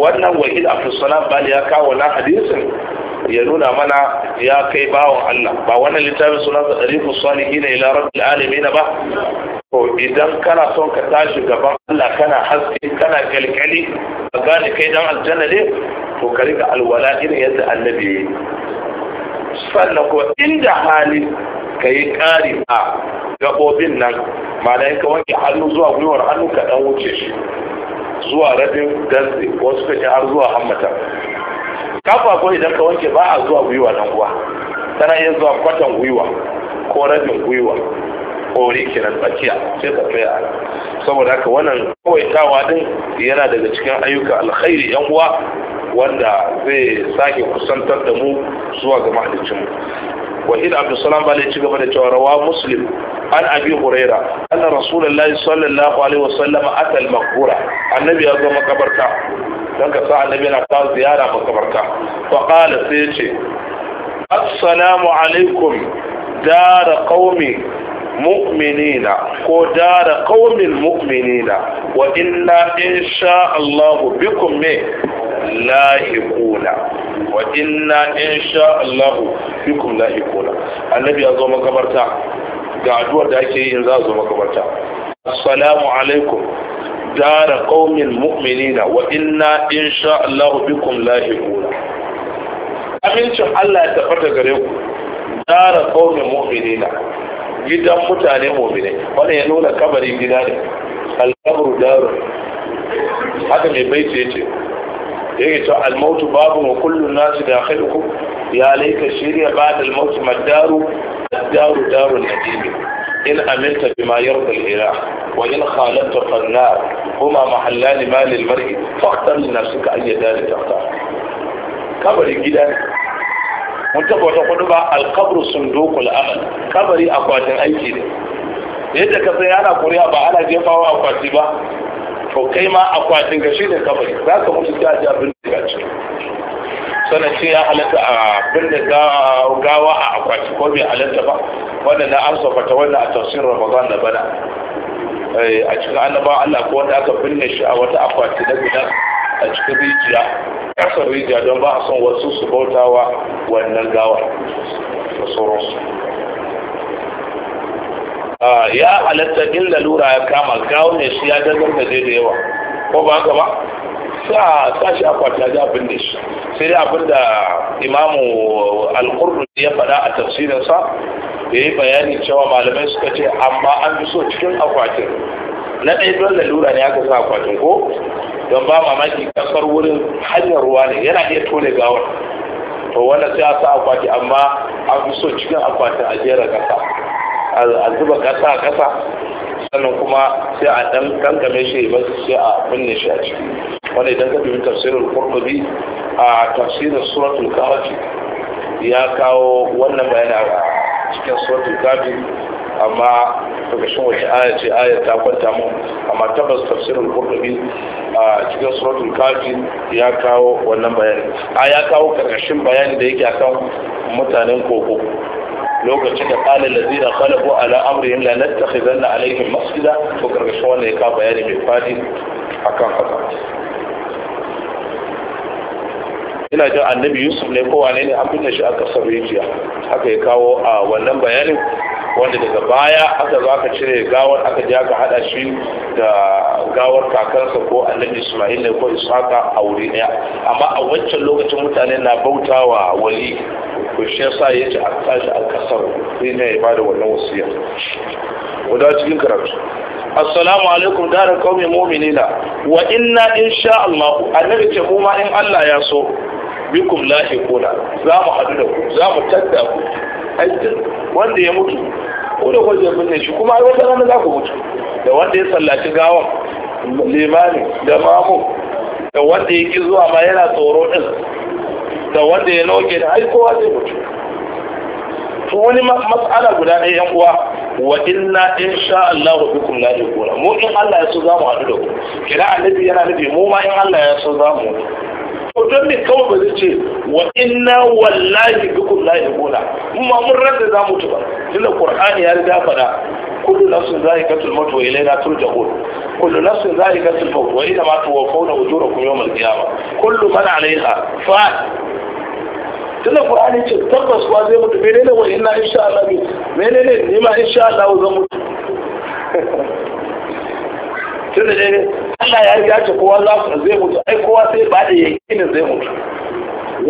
wannan wahid afis salam bal ya kawo na hadisin ya nuna mana ya kai bawan Allah ba wannan littafin sunan sa dariqus ina ila rabbil na ba to idan kana son ka tashi gaban Allah kana haske kana kalkali ka gane kai dan aljanna ne to ka riga alwala irin yadda annabi sannan ko inda hali ka yi ƙari a gaɓoɓin nan ma'ana ka wanke hannu zuwa gwiwar hannu ka ɗan wuce shi zuwa rabin dantse wasu ka har zuwa hammata kafa ko idan ka wanke ba a zuwa gwiwa nan kuwa tana iya zuwa kwatan gwiwa ko rabin gwiwa kore kenan bakiya sai ka tsaya ala saboda haka wannan kawai tawa din yana daga cikin ayyuka alkhairi yan uwa wanda zai sake kusantar da mu zuwa ga mahallicin mu wa ida abdul salam bale ci gaba da cewa rawa muslim an abi huraira anna rasulullahi sallallahu alaihi wasallam atal maghura annabi ya zo makabarta dan ka sa annabi ta ziyara makabarta fa qala sai ya ce assalamu alaikum dar qaumi mu'minina ko dara qaumin mu'minina wa inna insha me lahiquna wa inna insha Allah annabi ya zo makabarta da ake yi in za a zo makabarta assalamu alaikum dara qaumin mu'minina wa inna insha Allah bikum Allah ya tabbata gare ku dara qaumin mu'minina gidan mutane mu'minai wani ya nuna kabarin gida ne al-qabru haka mai wa ya laika madaru daru daru in amilta bima yarda al-ilah wa in khalafta fan-nar huma mahallan mal gida ne mun taɓa wata kudu ba alkabru dokul amal kabari akwatin aiki ne yadda ka sai ana kuriya ba ana jefawa akwati ba to kai ma akwatin ka shi ne kabari za ka mutu ta ji abin da gaci sana ce ya halatta a binne gawa a akwati ko bai halatta ba wanda na an sofata wanda a tafsirin ramadan da bana eh, a cikin annabawa allah ko wanda aka binne shi a wata akwati na gida. a cikin rijiya kasar rijiya don ba a son wasu su bautawa wannan gawar da sauransu ya halatta in lalura ya kama gawar ne shi ya dangargaje da yawa ko ba haka ba sa shi a kwata da abin da shi sai dai abin da imamu al ya faɗa a tafsirinsa ya yi bayani cewa malamai suka ce amma an fi so cikin akwatin na ɗaya don lalura ne aka sa akwatin ko don ba mamaki kasar wurin hanyar ruwa ne yana iya tone gawar to wannan sai a sa akwati amma an fi so cikin akwatin a jera kasa a zuba kasa a kasa sannan kuma sai a ɗan kankame shi ba sai a binne shi a ciki wanda idan ka dubi tafsirin kurkubi a tafsirin suratul kahf ya kawo wannan bayani a cikin suratul kafi amma ƙarƙashin wace aya ce aya ta kwanta mu amma tabbas tafsirin qurtubi a cikin suratul kafi ya kawo wannan bayani a ya kawo ƙarƙashin bayani da yake akan mutanen koko lokacin da qala allazina khalaqu ala amrihim zanna nattakhidanna masu gida to ƙarƙashin wannan ya kawo bayani mai fadi akan haka ina jin annabi yusuf ne ko wane ne abin da shi aka jiya haka ya kawo a wannan bayanin wanda daga baya aka za ka cire gawar aka ji aka hada shi da gawar kakansa ko annabi isma'il ne ko isaka a wuri daya amma a wancan lokacin mutane na bautawa wali ko shi yasa yace a tashi a kasar sai ne ya bada wannan wasiya wanda cikin karatu assalamu alaikum darin kaumin mu'minina wa inna insha Allah annabi ce mu ma in Allah ya so bikum lahiquna za mu hadu da ku za mu tada ku aikin wanda ya mutu ko da kwaje binne shi kuma ai wata rana za ku mutu da wanda ya sallaci gawan limani da mamu da wanda ya ki zuwa ma yana tsoro din da wanda ya noke da ai kowa zai mutu to wani mas'ala guda ɗaya yan uwa wa inna in sha Allah bikum lahiquna mu in Allah ya so za mu hadu da ku kira annabi yana nabi mu ma in Allah ya so za mu to don me kawai ba zai ce wa inna wallahi bikum lahiquna mun ma mun rada za mu tuba tunda qur'ani ya riga fada kullu nafsin za'iqatul maut wa ilayna turja'un kullu nafsin za'iqatul maut wa ila ma tuwaffawna ujurakum yawmal qiyamah kullu man 'alayha fa tunda qur'ani ce tabbas wa zai mutu menene wa inna insha Allah menene ni ma insha Allah zan mutu [laughs] tun da dai Allah ya riga ce kowa za su zai mutu ai kowa sai ba da yakinin zai mutu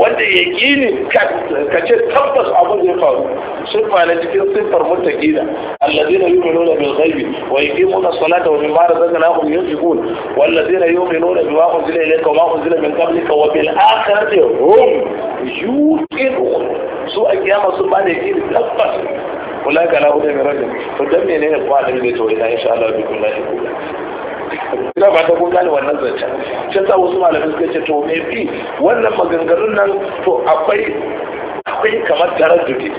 wanda yakini ka ce tabbas abin zai faru sun fara cikin siffar muttaqina allazina yu'minuna bil ghaibi wa yuqimuna as-salata wa mimma razaqnahum yunfiqun wallazina yu'minuna bima unzila ilayka wa ma unzila min qablika wa bil akhirati hum yuqinun su a kiyama sun ba da yakini tabbas ولكن لا بد من رجل فدمي لنا قاعده من توحيد ان شاء الله بكم لا يكون ina ba ta gudanar da wannan zance shi sa wasu malamin suka ce to me bi wannan maganganun nan to akwai akwai kamar duki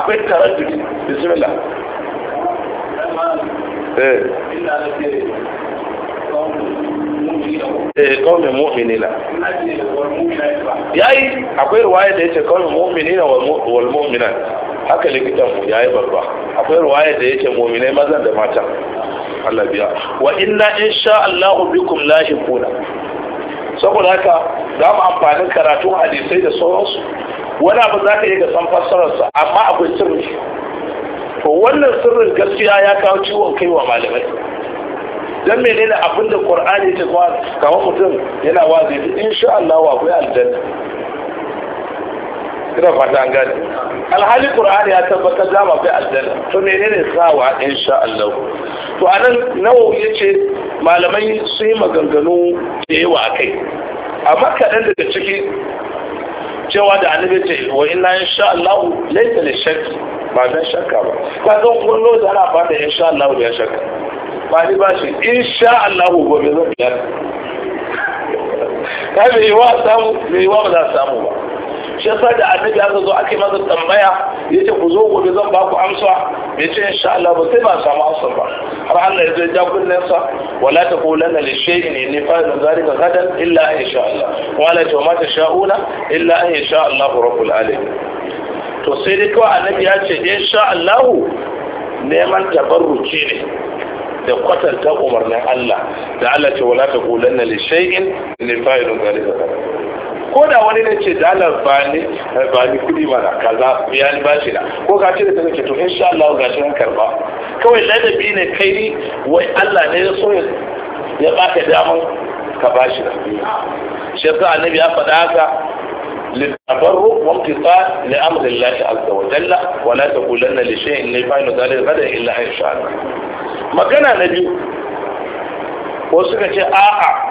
akwai duki bismillah eh kaunin eh, mu'minina yi akwai ruwaya da yace kaunin mu'minina wal mu'minat haka likitan mu yi barba akwai ruwaya da yace mu'minai mazan da mata. Allah biya wa inna insha Allah bikum lahiquna saboda haka za mu amfani karatun hadisai da sauransu wani abu za ka yi ga san fassararsa amma akwai sirri to wannan sirrin gaskiya ya kawo ciwon kai wa malamai dan menene abinda qur'ani ta kawo kamar mutum yana wazi insha Allah wa akwai aljanna kira fata an gane alhali qur'ani ya tabbatar za mu fi aljanna to menene sawa insha Allah to anan nawo yace malamai su yi maganganu da yawa kai amma kadan daga ciki cewa da annabi ce wa inna insha Allah laysa li shakki ba dan shakka ba ka ga kullu da ana fata insha Allah ya shakka ba ni ba shi insha Allah gobe zan biya ka bai wa samu bai wa ba za samu ba shi yasa da annabi aka zo ake yi masa tambaya ya ce ku zo gobe zan ba ku amsa ya ce insha Allah ba sai ba samu amsa ba har Allah ya zo ya ja kunnensa wala ta kulanna li shay'in inni fa'ilun zalika gadan illa an insha Allah wala ta ma ta sha'una illa an insha Allah rabbul alamin to sai dai kawai annabi ya ce insha Allah neman tabarruki ne da kwatanta umarnin Allah da Allah ce wala ta kulanna li shay'in inni fa'ilun zalika gadan ko da wani ne ce dalar ba ni ba ni kudi mana kaza ya ni ba shi da ko ka ce da ta ce to insha Allah ga shi karba kawai ladabi ne kai ni wai Allah ne ya so ya baka daman ka ba shi da shi yasa annabi ya faɗa haka للتبرك وامتثال لامر الله عز وجل ولا تقولن لشيء اني فاعل ذلك غدا الا ان شاء الله magana na biyu wasu ka ce a'a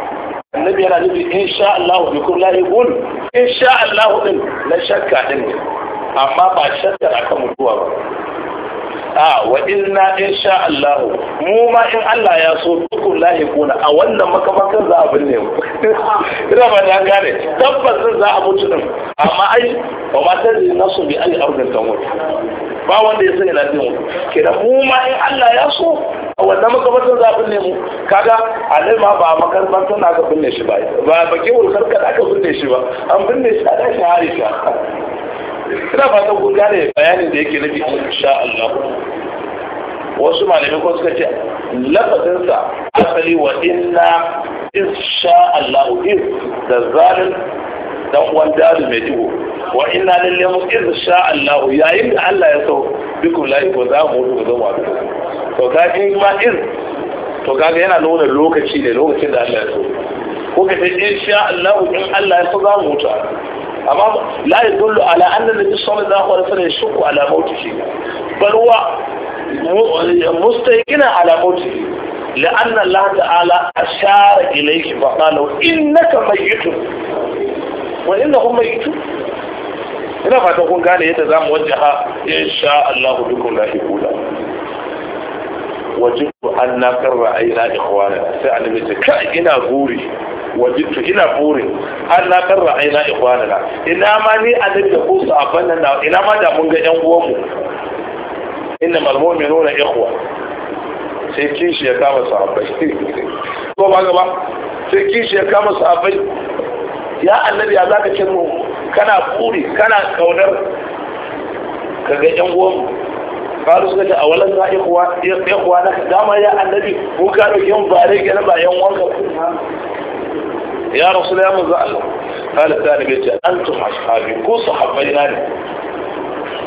annabi yana nufin insha Allah bi kun la'iqun insha Allah din na shakka din amma ba shakkar akan mutuwa ba a wa inna in sha Allah mu ma in Allah ya so dukun lahiquna a wannan makamakan za a binne mu [laughs] ina ba da gane tabbas za a mutu din amma ai ba ma ta zai nasu bi ai ta tamut ba wanda ya sani lafiya mu kenan mu ma in Allah ya so a wannan makamakan za a binne mu kaga alai ma ba makamakan tana aka binne shi ba ba baki wulkar aka binne shi ba an binne shi a dashi harisha ina fatan kun gane bayanin da yake nufi insha Allah wasu malamai ko suka ce sa asali wa inna insha Allah in da zalim dan uwan dalu mai duhu wa inna lillahi mu insha Allah yayin da Allah ya so bikum lahi ko za mu zo mu to ga in ma in to kaga yana nuna lokaci ne lokacin da Allah ya so ko ka ce insha Allah in Allah ya so za mu huta amma la yadullu ala anna nabi sallallahu alaihi wasallam yashku ala mautihi bal huwa mustaqina ala mautihi لأن الله تعالى أشار إليك فقالوا إنك ميت وإنهم ميتون ina fata kun gane yadda za mu ha? in sha Allah dukkan lahi kula wajen an na karra a yi na ikhwana sai annabi ta, kai ina guri wajittu ina buri Allah na karra aina ina ma ni a da ko su abanna na. ina ma da mun ga yan mu inna malmominu mu'minuna ikhwa sai kishi ya kama abai ko ba ba sai kishi ya kama abai ya annabi ya zaka ce mu kana buri kana kaudar ka ga yan mu faru suka ce a walan za ikhwa kuwa na dama ya annabi mun ka yin yan bare gina ba yan wanka ya rasul ya manzo Allah kala ta ne ce antum ashabi ko sahabbai na ne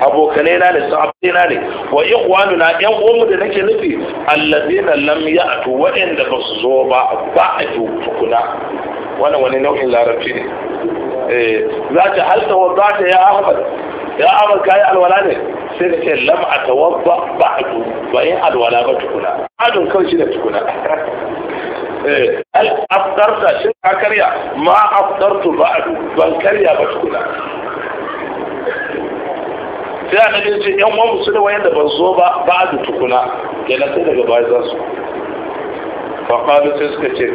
abokanai na ne sahabbai na ne wa na yan uwanmu da nake nufi allazina lam ya'tu wa'anda ba su zo ba ba a tukuna wannan wani nau'in larabci ne eh za ta halta wa za ta ya ahmad ya ahmad kayi alwala ne sai da ce lam a tawabba ba a bayan alwala ba tukuna adon kawai shi da tukuna hal eh, afdarta shin ka karya ma afdartu ba'du ban karya ba tukuna sai annabi ce yan uwan su da wayanda ban zo ba ba'du tukuna kenan sai daga baya za su fa qalu sai suka ce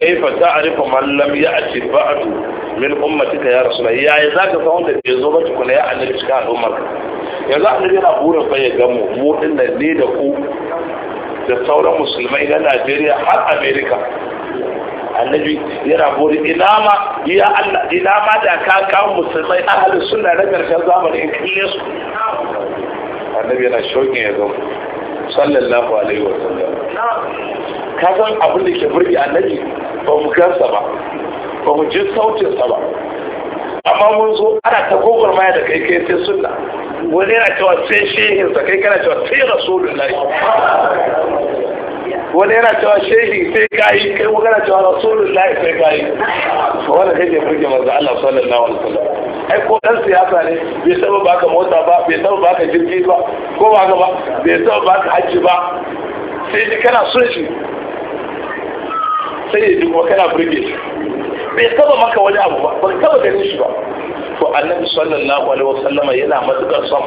kaifa ta'rifu man lam ya'ti ba'du min ummatika ya rasulullah ya za ka san wanda bai zo ba tukuna ya annabi cikin al'ummar yanzu annabi yana burin fa ya gamu mu din nan ne da ku da sauran musulmai na najeriya har amerika annabi yana bori ina ma ya Allah ina ma da ka kawo musulmai ahalin sunna na karshen zamani in kalle su annabi yana shokin ya zama sallallahu alaihi wa sallam ka san abin da ke burge annabi ba mu gansa ba ba mu ji sautin sa ba amma mun zo ana ta gogor maya da kai kai sai sunna wani yana cewa sai sa kai kana cewa sai rasulullahi wani yana cewa shehi sai kayi kai kana cewa rasulullahi sai kayi to wanda kai ke furge manzo Allah sallallahu alaihi wasallam ai ko dan siyasa ne bai saba baka mota ba bai saba baka jirgi ba ko ba ba bai saba baka hajji ba sai ji kana sunshi, shi sai ji kuma kana burge shi bai taba maka wani abu ba bai taba ganin shi ba to annabi sallallahu alaihi wasallam yana matukar son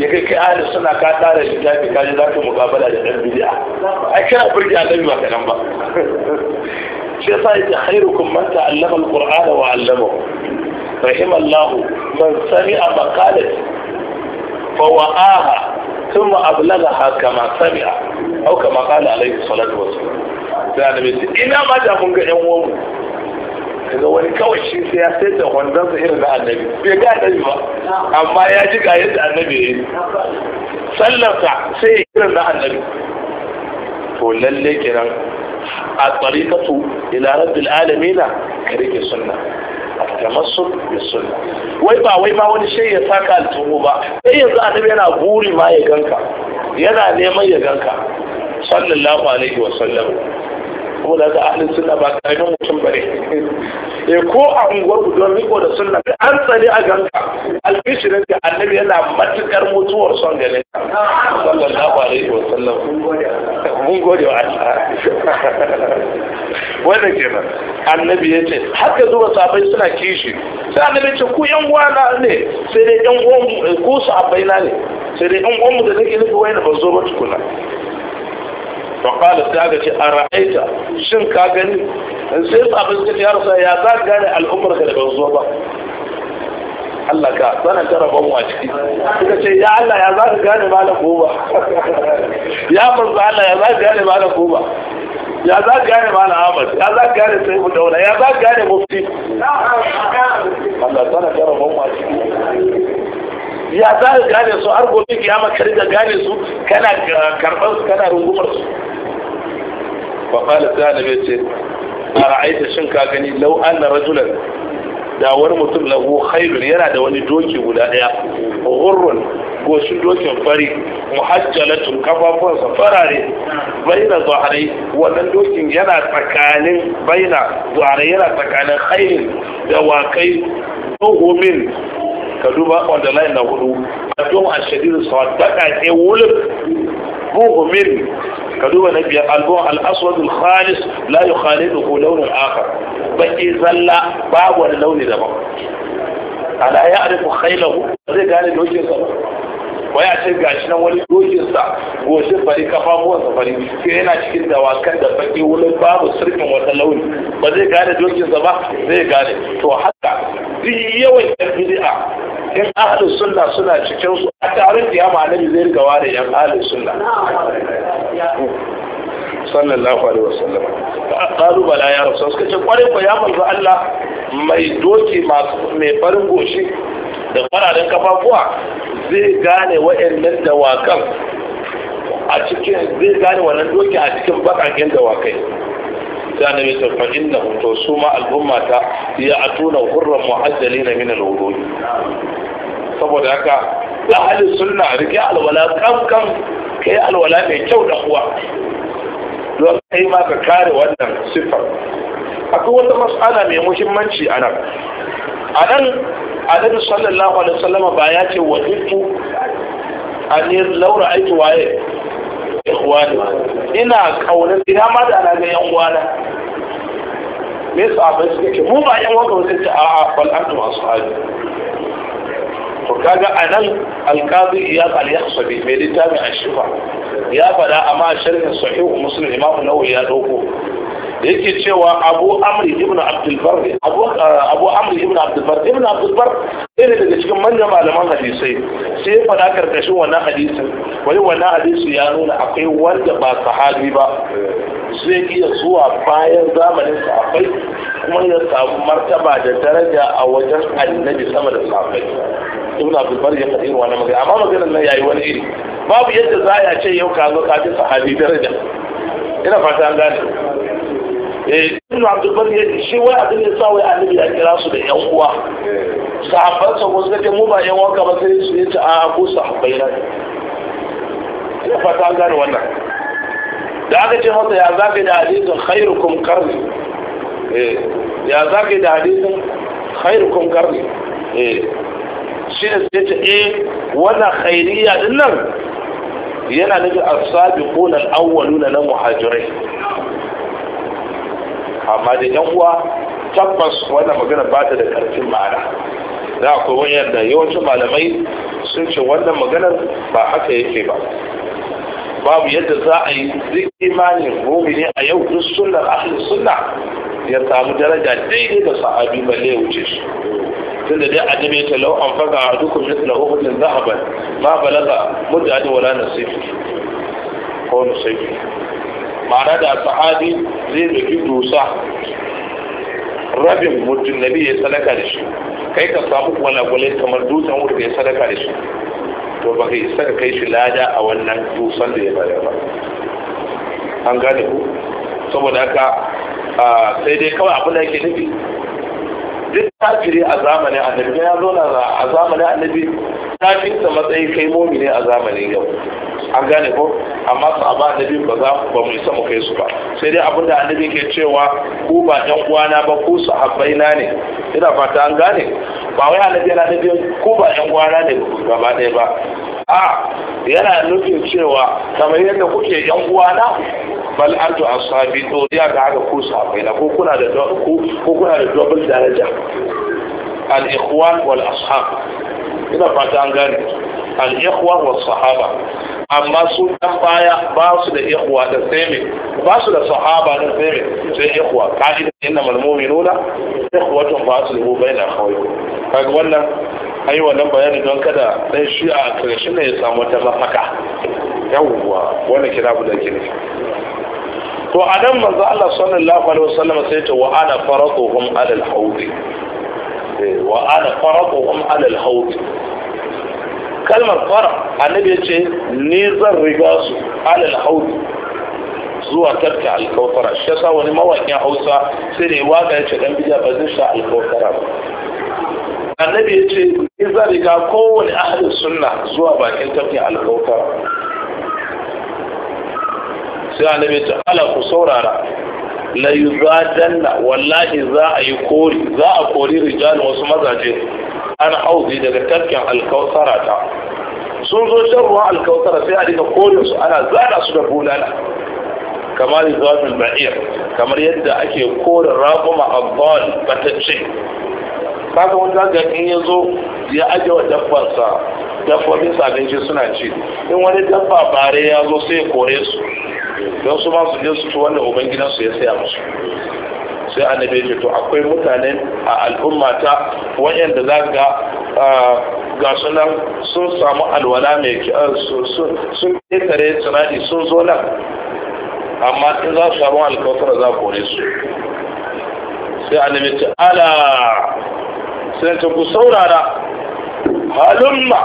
ya kai kai ahli suna ka tsara littafi ka ji za ka mukabala da dan bid'a ai kana burge annabi ba kadan ba shi yasa yake khairukum man ta'allama alqur'ana wa 'allamahu rahimallahu man sami'a maqalati fa wa'aha ثم أبلغها كما سمع أو كما قال عليه الصلاة والسلام sai da ce ina ma mun ga yan uwan daga wani kawai shi ya sai da wandan sa irin na annabi bai ga annabi ba amma ya ji ga yadda annabi ya yi sai irin na annabi to lalle kiran a tsarikatu ila ka rike sunna التمسك sunna wai ba wai ba wani shi ya saka altuhu ba sai yanzu annabi yana buri ma ya ganka yana neman ya ganka sallallahu alaihi wa sallam kuma da ahlus sunna ba karamin mutum bane [laughs] E ko a unguwar ku don riko da sunna da an tsare a ganka albishirin da annabi yana matukar mutuwar son gane sallallahu alaihi wa sallam mun gode wa Allah [laughs] wannan kenan annabi ya ce haka zuwa sabai suna kishi sai annabi ce ku yan uwana ne sai dai yan uwan eh, ku sabai na ne sai dai yan uwan mu da nake nufi wai da ban zo ba tukuna وقال السادسة أرأيت شنكا قني انسيطا بذلك يا رسول يا ذات قاني الأمر قاني بالزوضة قال لك أنا ترى بواجك قال يا الله يا ذات قاني مالك هو يا مرزا الله يا ذات قاني مالك هو يا ذات قاني مال عامل يا ذات قاني سيب الدولة يا ذات قاني مفتي قال لك أنا ترى بواجك يا ذات قاني سؤال قولي قيامة كريدة قاني سو كان كربز كان رنقمر fa ta sai annabi ce ara'aita shin ka gani law anna rajulan da wani mutum na lahu khairun yana da wani doki guda ɗaya ghurrun goshin dokin fari muhajjalatun kafafunsa farare baina zuharai wannan dokin yana tsakanin baina zuharai yana tsakanin khairin da wakai dogomin ka duba on the line na hudu a don a shadidu sawa daga ke wulin dogomin ka duba na biyar albon al'aswad al-khalis la yukhalidu ko launin akar baki zalla babu wani launi daban ala ya'rifu khaylahu zai gane dokin sa Waya a ce gashi nan wani dokinsa goshin fari kafafuwansa fari sai yana cikin dawakan da baki wurin babu sirkin wata launi ba zai gane dokinsa ba zai gane to haka duk yawan yan bid'a in ahlus sunna suna cikin su a tarin ya annabi zai riga ware yan ahlus sunna sallallahu alaihi wasallam qalu bala ya rasul suka ce kware ko ya manzo Allah mai doki masu mai farin goshi da fararen kafafuwa zai gane wa'annan dawakan a cikin zai gane wannan doki a cikin bakakin dawakai sai annabi ta to su ma al'ummata ya atuna hurran muhajjalina min al-wudu'i saboda haka ahalin suna rike alwala kam kam kai alwala mai kyau da uwa don kai ma ka kare wannan sifar akwai wata mas'ala mai muhimmanci a nan a nan annabi sallallahu alaihi wasallam ba ya ce wa ittu an laura aiki waye ikhwani ina kaunar ina ma da ana ga yan uwana me yasa abai suka ce mu ba yan uwa ba sai a a bal antum ashabi to kaga anan alqazi ya al-yahsabi mai littafin ashifa ya faɗa amma sharhin sahih muslim imam nawawi ya dauko da yake cewa abu amri ibn abdulbar uh, abu amri ibn abdulbar ibn abdulbar ɗaya ne daga cikin manyan malaman hadisai sai ya faɗa karkashin wannan hadisin wani wannan hadisi ya nuna akwai wanda ba sahabi ba zai iya zuwa bayan zamanin sahabbai kuma ya samu martaba da daraja a wajen annabi sama da sahabbai ibn abdulbar ya faɗi wannan magana amma maganar nan yayi wani iri babu yadda za a ce yau ka zo ka ji sahabi daraja ina fata an gane eh ibn abdul ya shi wai abin da sa wai annabi ya kira su da yan uwa sahabban sa ko suka mu ba yan uwa ba sai su yace a ko sahabbai na ina fata an gane wannan da aka ce masa ya zaka da hadisin khairukum qarni eh ya zaka da hadisin khairukum qarni eh shi ne sai ta eh wannan khairiyya din nan yana nufin as-sabiqun al na muhajirai amma da yan uwa tabbas wannan magana ba ta da karfin ma'ana za akwai wayar yadda yawancin malamai sun ce wannan maganar ba haka yake ba babu yadda za a yi duk imanin ne a yau duk sunnar ahli sunna ya samu daraja daidai da sahabi balle ya wuce su tun da dai annabi ta lau an faga a dukkan misla uhudin zahaban ma balaga mudda da wala na nasifi ko na nasifi ma'ana da sahabi zai dauki dusa rabin mutum nabi ya sadaka da shi kai ka samu gwalagwalai kamar dutsen wurin da ya sadaka da shi to ba ka isa ka kai shi lada a wannan dusan da ya bayar ba an gane ku saboda haka sai dai kawai abin da yake nufi kafiri a zamanin annabi ya zo na a zamanin annabi fi ta matsayi kai momi ne a zamanin yau an gane ko amma su abu annabi ba za ba mu isa mu kai su ba sai dai abinda annabi ke cewa ku ba ɗan uwana ba ku su habbaina ne ina fata an gane ba wai annabi yana biyan ku ba ɗan uwana ne gaba ɗaya ba a yana nufin cewa kamar yadda kuke ɗan uwana bal arju ashabi to ya ga haka ku su na ko kuna da ko kuna da double daraja al-ikhwan ashab ina fata an gani. al-ikhwa sahaba amma su dan baya ba su da ikhwa da sai ba su da sahaba da sai me sai ikhwa kaida inna ba su da fasilu baina akhawayk kaga wannan ai wannan bayani don kada dan shi a karshen ne ya samu ta mafaka yawwa wannan kira bu da ke to a nan manzo Allah sallallahu alaihi wasallam sai ta wa'ada ana faratuhum ala al Eh, wa ana faratuhum ala al-hawd kalmar fara annabi ya ce ni zan riga su alal al zuwa tarka alkawfara shi yasa wani mawaƙin hausa sai ne waka ya ce dan bija ba zai sha alkawfara ba annabi ya ce ni zan riga kowane ahalin sunna zuwa bakin tafkin alkawfara sai annabi ya ce ala ku saurara la yuzadanna wallahi za a yi kori za a kori rijal wasu mazaje an hauzi daga tafkin alkausara ta sun zo shan ruwan alkausara sai a dinga kori su ana zana su da bulala kamar izafin ba'ir kamar yadda ake kore raƙuma a bawal batacce kaka wata ga in ya zo ya ajiye wa dabbarsa dabbobin sabinci suna ci in wani dabba bare ya zo sai ya kore su don su ma su je su ci wanda su ya saya musu sai annabi ce to akwai mutane a al'umma ta wayanda za ga ga sunan sun samu alwala mai sun ƙetare tsanadi sun zo nan amma in za su samu alkawar za kore su sai annabi ce ala sai ta ku saurara halumma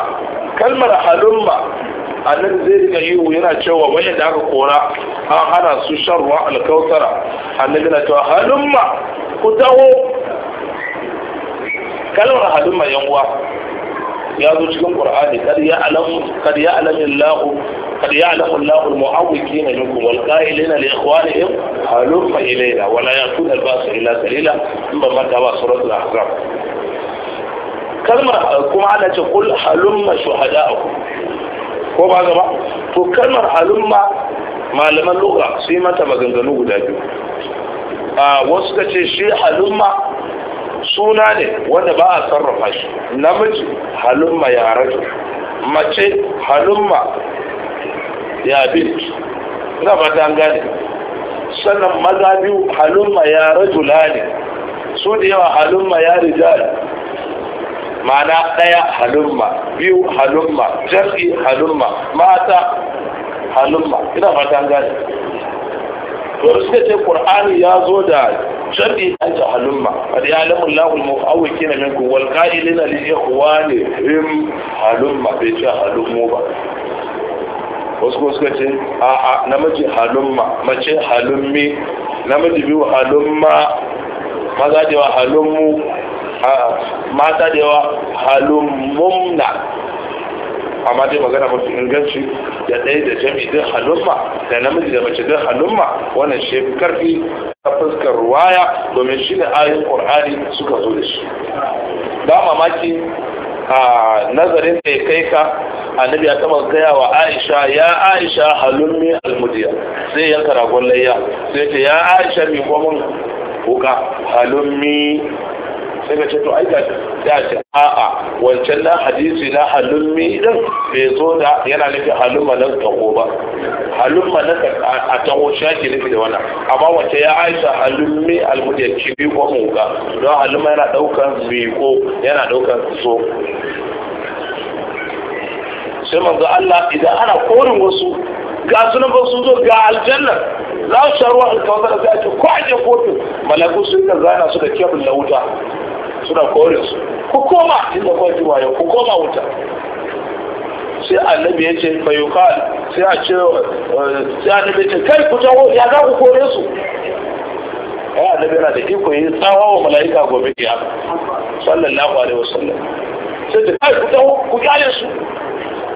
kalmar halumma annabi zai daga yiwu yana cewa wani da aka kora an hana su shan ruwa alkawtara annabi na cewa halumma ku dawo kalmar halumma yan uwa ya zo cikin qur'ani kad ya'lamu kad ya'lamu Allahu kad ya'lamu Allahu al-mu'awwiqina minkum wal qa'ilina li ikhwanihim halu fa ilayna wa la yatuna al-ba'sa illa qalila in ba mata ba suratul ahzab kalmar eh, kuma ana ce kul halumma shuhada'akum ko ba gaba to kalmar halumma malaman lugha sai mata maganganu guda biyu a ah, wasu ka ce shi halumma suna ne wanda ba a sarrafa shi namiji halumma ya rage mace halumma ya bin na fatan gane sannan maza biyu halumma ya rajula ne su da yawa halumma ya rijal mana ɗaya halumma biyu halumma jam'i halumma mata halumma ina fatan gane to suka ce qur'ani ya zo da شرطي أنت هلم قد يعلم الله المؤوكين منكم والقائلين لإخوانهم هلم بيجا ba. wasu suka ce a'a namiji halumma mace halummi namiji biyu halumma maza da yawa halummu mata da halummumna amma dai magana mafi inganci da ɗaya da jami din halumma da namiji da mace din halumma wannan shi karfi ta fuskar ruwaya domin shi da ayin qur'ani suka zo da shi ba mamaki a nazarin da ya kai ka annabi ya taba gaya wa aisha ya aisha halummi almudiya sai yanka ragon layya sai ce ya aisha mi komin wuka halummi sai ka ce to ai da ce a'a wancan na hadisi na halummi din bai zo da yana nufin halumma nan tako ba halumma nan a taho shaki nufi da wannan amma wace ya aisha halummi almudyanci bi ko muga don halumma yana daukan miko yana daukan so sai manzo Allah idan ana korin wasu ga sunan ba su zo ga aljanna za su sha ruwan alkawar da ake aje kofin malaku sun ka zana su da kebul na wuta suna kore su ku koma inda kwaji wayo ku koma wuta sai annabi ya ce fayuqal sai a ce eh, sai annabi ce kai ku tawo ya za ku kore su ya annabi yana da iko yin tsawa wa mala'ika gobe ya sallallahu alaihi wasallam sai ta kai ku tawo ku kyale su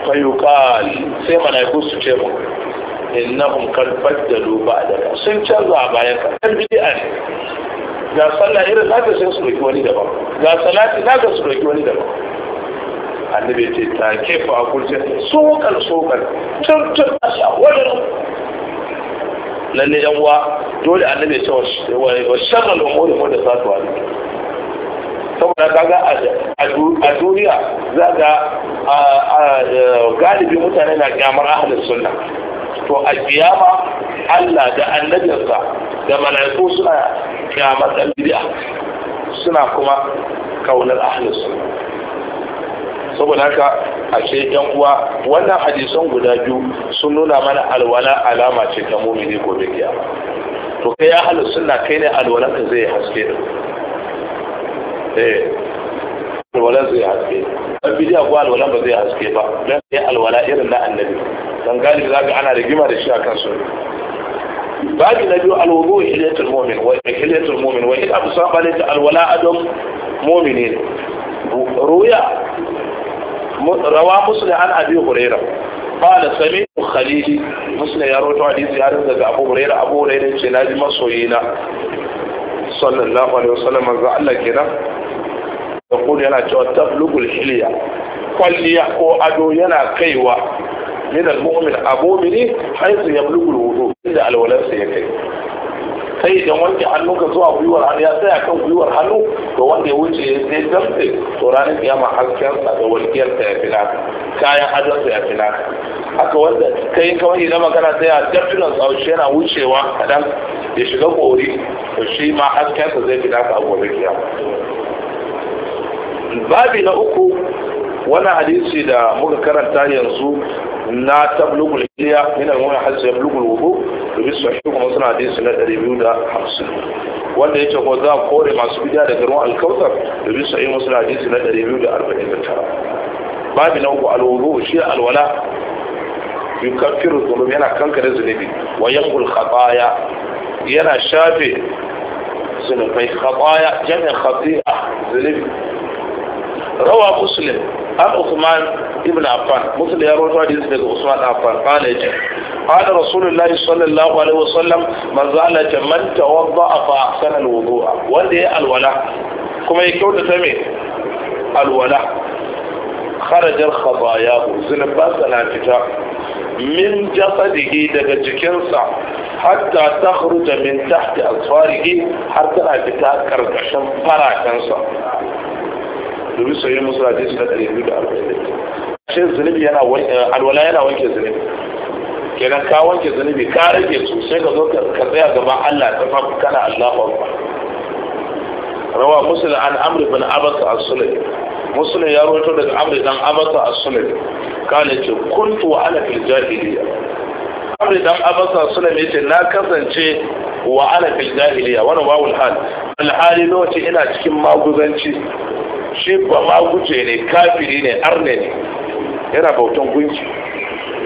fayyukal sai mana ya su ce mu innahum da baddalu ba'da sun canza bayan ka kan bid'a ne ga sallah irin naka sai su roki wani daban ga salati naka su roki wani daban annabi ce ta kefa a kurce sokar sokal tun tun a shawarar lalle yan wa dole annabi ce wa shagal umuri mu da satuwa saboda kaga a duniya za ga galibi mutane na kyamar ahalin sunna to a kiyama Allah da annabinsa da mala'iku suna kyamar dan suna kuma kaunar ahalin sunna saboda haka ce yan uwa wannan hadisan guda biyu sun nuna mana alwala alama ce ta mumini gobe kiyama to kai ya halin suna kai ne alwalanka zai haske eh alwala zai haske dan bidiya ko alwalan ba zai haske ba dan sai alwala irin na annabi dan za ka ana rigima da shi akan su babi na biyu alwudu hilatul mu'min wa hilatul mu'min wa ila ta alwala adum mu'minin ruya rawa musulun an abi ba قال سمعت خليلي مسلم يا روتو حديثي har daga Abu Hurairah Abu Hurairah ce na naji masoyina sallallahu alaihi wasallam manzo Allah kenan يقول ينا تبلغ الحلية kwalliya ko ado yana kaiwa min al-mu'min abumini haisu yablugu al-wudu inda alwalarsa ya kai sai idan wanke ka zuwa gwiwar hannu ya tsaya kan gwiwar hannu to wanda ya wuce sai damtse to ranar kiyama haskensa da walƙiyarsa ya fi naka kayan adarsa ya fi naka haka wanda kai kawai idan magana sai a damtunan tsaushe yana wucewa kaɗan ya shiga kori to shi ma hasken haskensa zai fi naka a gobe kiyama babi na uku wani hadisi da muka karanta yanzu na tablugul hiliya min al-mu'min hadisi yablugul wudu bi sahih kuma suna hadisi na 250 wanda ya ce ko za kore masu bidiya daga ruwan al-kautsar bi sahih muslim hadisi na 249 babi na uku al-wudu shi al-wala yukaffiru yana kankare zunubi wa yanqul khataaya yana shafe zunubai khataaya jami'in khati'a zunubi rawa muslim an usman ibn affan muslim ya rawaito hadisi daga usman affan qala yace qala rasulullah sallallahu alaihi wasallam man zala man tawadda fa ahsana alwudu'a wanda ya alwala kuma ya kyautata me alwala kharajar khatayahu zunubansa na fita min jasadihi daga jikinsa hatta ta min tahti asfarihi har tana fita karkashin farakensa domin soyayya musu a jinsu na ɗari da alwala shi zunubi yana eh, alwala yana wanke zunubi kenan ka wanke zunubi ka rage su sai ka zo ka tsaya gaba Allah ta fafi kana Allahu ba rawa musulun an amri bin abasa a sulai. musulun ya rubuta daga amri dan a sulai ka kana ce kuntu wa ana fil jahiliya amri dan abasa a sulai ne na kasance wa ana fil jahiliya wannan wawul hal al lokaci ina cikin maguzanci shi ba ma guje ne kafiri ne arne ne yana bautan gunki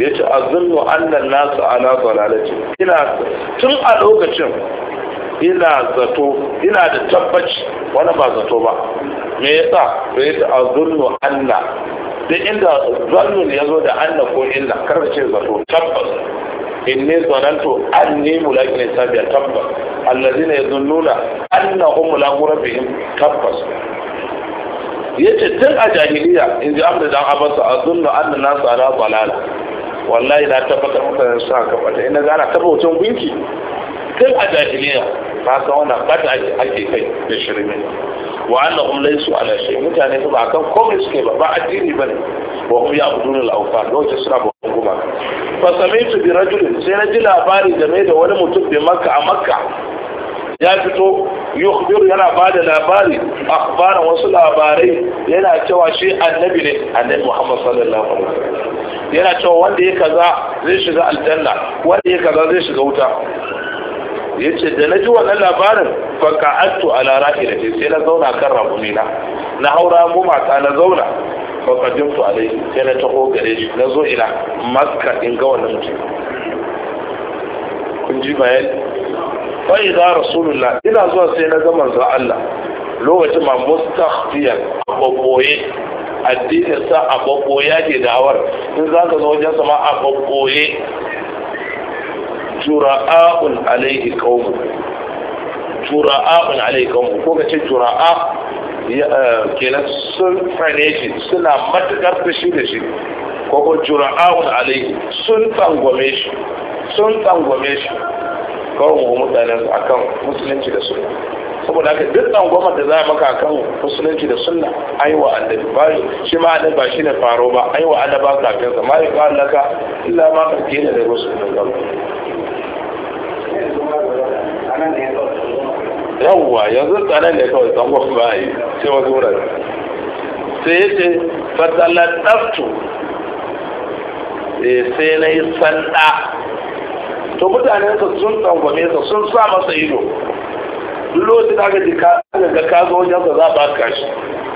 ya ce a zunnu nan nasu ala zalalaci ina tun a lokacin ina zato ina da tabbaci wani ba zato ba me sa da ya ce a zunnu anna da inda zannu ne ya zo da anna ko illa kar ce zato tabbas in ne zananto an ne mulaki ne sabiya tabbas allazina yazunnuna annahum la rabbihim tabbas yace tun a jahiliya in ji amda dan abasa azunnu anna nasu ala balala wallahi na tabbatar mutane su haka bata ina ga ana taba wucin gunki tun a jahiliya ba san wannan bata ake kai da shirme wa annahum laysu ala shay mutane su ba kan komai suke ba ba addini bane wa hum ya'budun al-awthan lokacin suna bautan kuma. fa sami'tu bi rajulin sai na ji labari game da wani mutum bi makka a makka ya fito yukhbiru yana ba da labari akhbaran wasu labarai yana cewa shi annabi ne annabi Muhammad sallallahu alaihi wasallam yana cewa wanda ya kaza zai shiga aljanna wanda ya kaza zai shiga wuta yace da na ji wannan labarin fa ka'attu ala rahilati sai na zauna kan rabumina na haura mu mata na zauna fa qadimtu alayhi sai na taho gare shi na zo ila makka in ga wannan mutum kun ji bayani fai za rasulullah ina zuwa sai na zama za Allah lokacin ma mustakhfiyan babboye addinin sa a babboya ke dawar in za ka zo wajen sama a babboye jura'a'un alaihi qaumu jura'a'un alaihi qaumu ko ka ce jura'a kenan sun fane shi suna matukar fushi da shi ko ko jura'a'un alaihi sun tangwame shi sun tsangwame shi kawo mutanen su akan musulunci da sunna saboda haka duk goma da za a maka akan musulunci da sunna aiwa annabi ba shi ma da ba shi ne faro ba aiwa annaba kafin sa ma ya laka illa ma karke ne da wasu dangane yawwa yanzu tsanan ne kawai gwafi ba a yi sai wasu wurare sai ya ce fatalattaftu eh, sai na yi sanda to mutanensa sun tsangwame sa sun sa masa ido duk lokacin da aka ji ka ga wajen sa za ba ka shi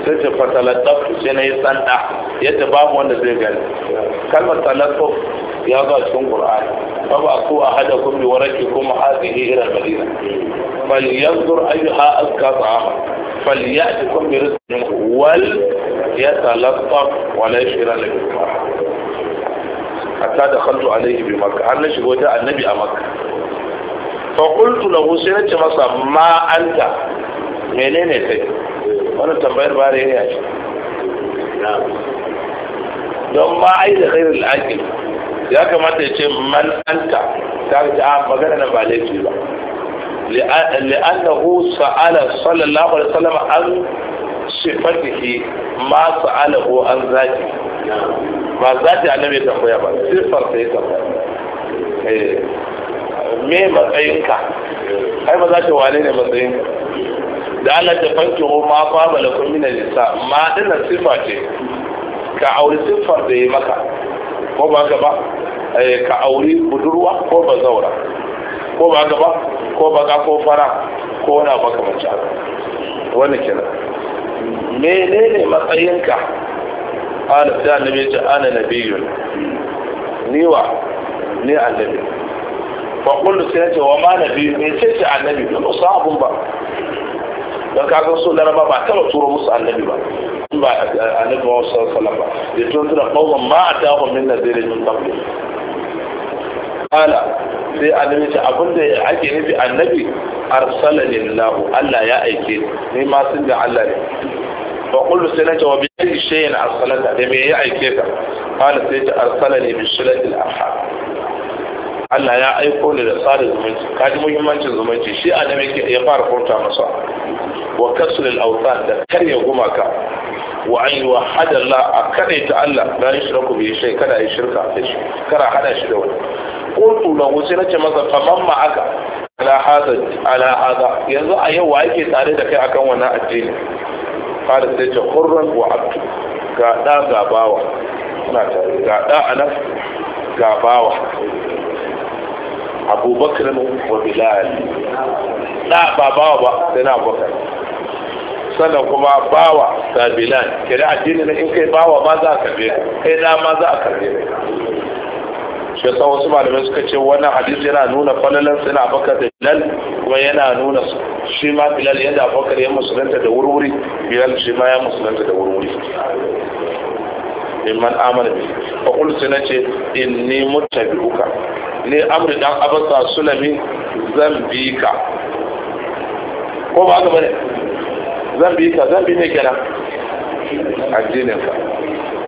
sai ce fa talattaf sai na yi sanda yadda babu wanda zai gani kalmar talattaf ya zo a cikin qur'ani fa ba ku ahada kun bi waraki kum hadhihi ila al-madina fal yanzur ayyuha azka ta'ama fal ya'tikum bi rizqin wal yatalattaf wa la yashira lakum hatta da khaltu alaihi bi makka har na shigo ta annabi a makka fa qultu lahu sai nace masa ma anta menene kai Wani tambayar bare ne a don ma ai da khairul aqil ya kamata ya ce man ta ce a ah, magana na ba laifi ba li'annahu sa'ala sallallahu alaihi wasallam an sifatihi ma sa'alahu an zati ba zati annabi tambaya ba sifar sai tambaya eh, me matsayinka ai ba za ta wane ne matsayinka da Allah ta fanki ko ma fa da kun min nisa ma dinan sifa ce ka auri siffar da ya maka ko ba gaba eh, ka auri budurwa ko ba zaura ko ba gaba ko baka ko fara ko na ka mace wannan kenan menene matsayinka ala sai annabi ce ana nabiyun niwa wa annabi fa kullu sai ce wa ma nabi me ce ce annabi ko sahabun ba da ka ga su laraba ba ta turo musu annabi ba ba annabi wa sallallahu alaihi wasallam ba ya tun da kawai ma ta atahum min nadirin ne qabli kala sai annabi abunda abinda ake nufi annabi arsalani Allah Allah ya aike ni ma sun da Allah ne fa kullu sai na jawabi bi shay'in arsalaka da me ya aike ka kala sai ta arsalani bi shilati al-arham Allah ya aiko ni da tsari zumunci kaji muhimmancin zumunci shi annabi ya fara furta masa wa kasr al da karya gumaka wa an yuwahhada Allah a ta Allah Na la yushraku bai shay kada ya shirka da shi kada hada shi da wani qultu lahu sai nace masa faman ma aka ala hada yanzu a yau wa ake tare da kai akan wannan addini kada sai ce hurran wa abdu ga da ga bawa suna tare ga da anas ga bawa abubakar wa bilal da ba bawa ba sai na abubakar sannan kuma bawa sabilan kira addini na in kai bawa ma za a karbe kai da ma za a karbe shi yasa wasu malamai suka ce wannan hadisi yana nuna falalan sai na bakar da bilal kuma yana nuna shi ma bilal yadda abubakar ya musulunta da wurwuri bilal shi ma ya musulunta da wurwuri In man amana bi fa qul ce inni muttabi'uka ni amri dan abasa sulami zan bi ka ko ba ga bane zambi ta zambi ne kira addinin ka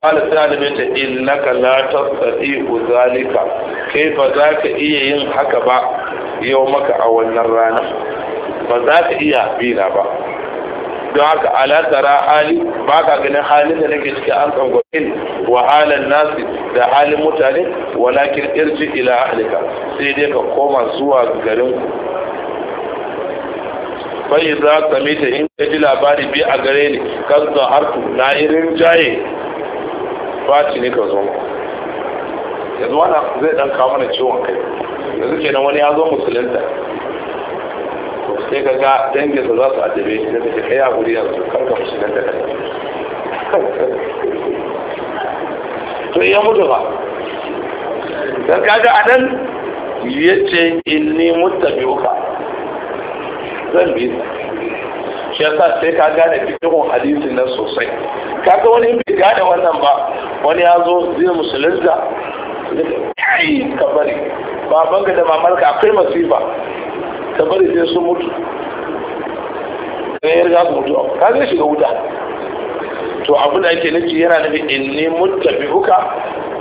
qala ta, alaihi wasallam innaka la tastati'u zalika za ka iya yin haka ba yau maka a wannan rana ba za ka iya bina ba don haka ala tara hali ba ka ganin halin da nake cikin an kan wa halin nasi da halin mutane walakin irji ila ahlika sai dai ka koma zuwa garin fai za ka mita in ka ji labari bi a gare ni kan har harku na irin jaye faci ne ka zo yanzu wani zai dan kawo mana ciwon kai yanzu kenan wani ya zo musulunta sai ka ga danginsa za su ajiye shi da take kai a guri yanzu ka musulunta da to ya mutu ba dan kaga dan yace inni muttabi'uka zan bi shi yasa sai ka gane fikihun hadisin nan sosai kaga wani in bai gane wannan ba wani ya zo zai musulunta kai ka bari baban ga da mamarka akwai masifa ka bari sai sun mutu sai ya riga su mutu ka zai shiga wuta to abin da ake nufi yana nufin ni muttabi'uka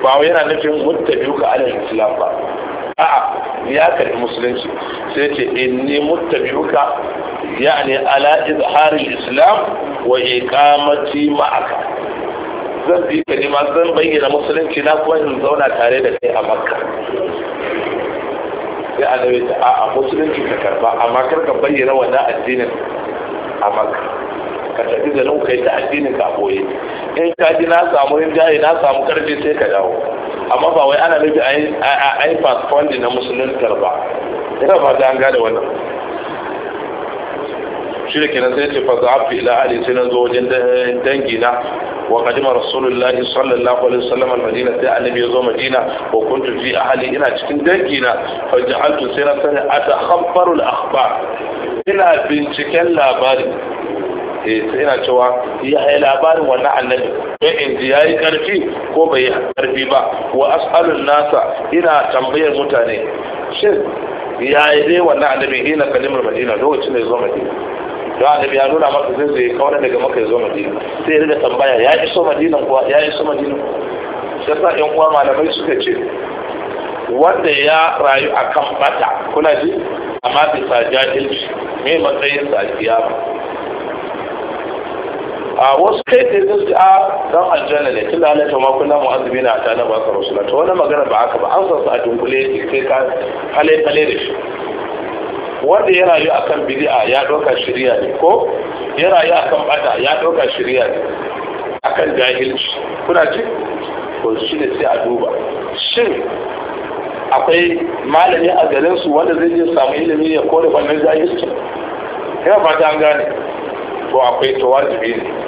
ba wai yana nufin muttabi'u ka alal islam ba a'a ya kalli musulunci sai ce inni muttabi'u ka yani ala izharil islam wa iqamati ma'aka zan bi ka ne ma zan bayyana musulunci na kuma in zauna tare da kai a makka sai annabi ta a'a musulunci ka karba amma karka bayyana wannan addinin a makka ka tafi da ka yi ta addinin ka boye in ka ji na samu rinjaye na samu karfi sai ka dawo amma ba wai ana nufi a yi fasfondi na musuluntar ba ina ba ta an gada wannan shi da kenan sai ce fa za fi ila ali sai na zo wajen dangi na wa qadima rasulullahi sallallahu alaihi wasallam al-madina sai annabi ya zo madina wa kuntu fi ahli ina cikin dangi na fa ja'altu sai na sani atakhabbaru al-akhbar ina binciken labari ina eh, sai cewa ya yi labarin wannan annabi don in ji ya yi ƙarfi ko bai yi ƙarfi ba wa as'alun nasa ina tambayar mutane shin ya yi dai wannan annabi ina kalimar madina lokacin da ya zo madina don annabi ya nuna masa zai zai kawar daga maka ya zo madina sai ya riga tambaya ya iso madina kuwa ya iso madina sai sa yan uwa malamai suka ce wanda ya rayu a kan bata kuna ji amma bisa jahilci me matsayin sa a a wasu kai da sun ce a ah, dan aljanna ne tun da Allah ta makon namu azumi na ta na baka na, ta wani magana ba haka ba an san su a dunkule kai ka hale hale da shi wanda ya rayu akan bid'a ya doka shirya ne ko ya rayu akan bata ya doka shirya ne akan jahilci kuna ji ko shi ne sai a duba shin akwai malami a garin su wanda zai je samu ilimi ya kore wannan jahilci ya fata an gane ko akwai tawajibi ne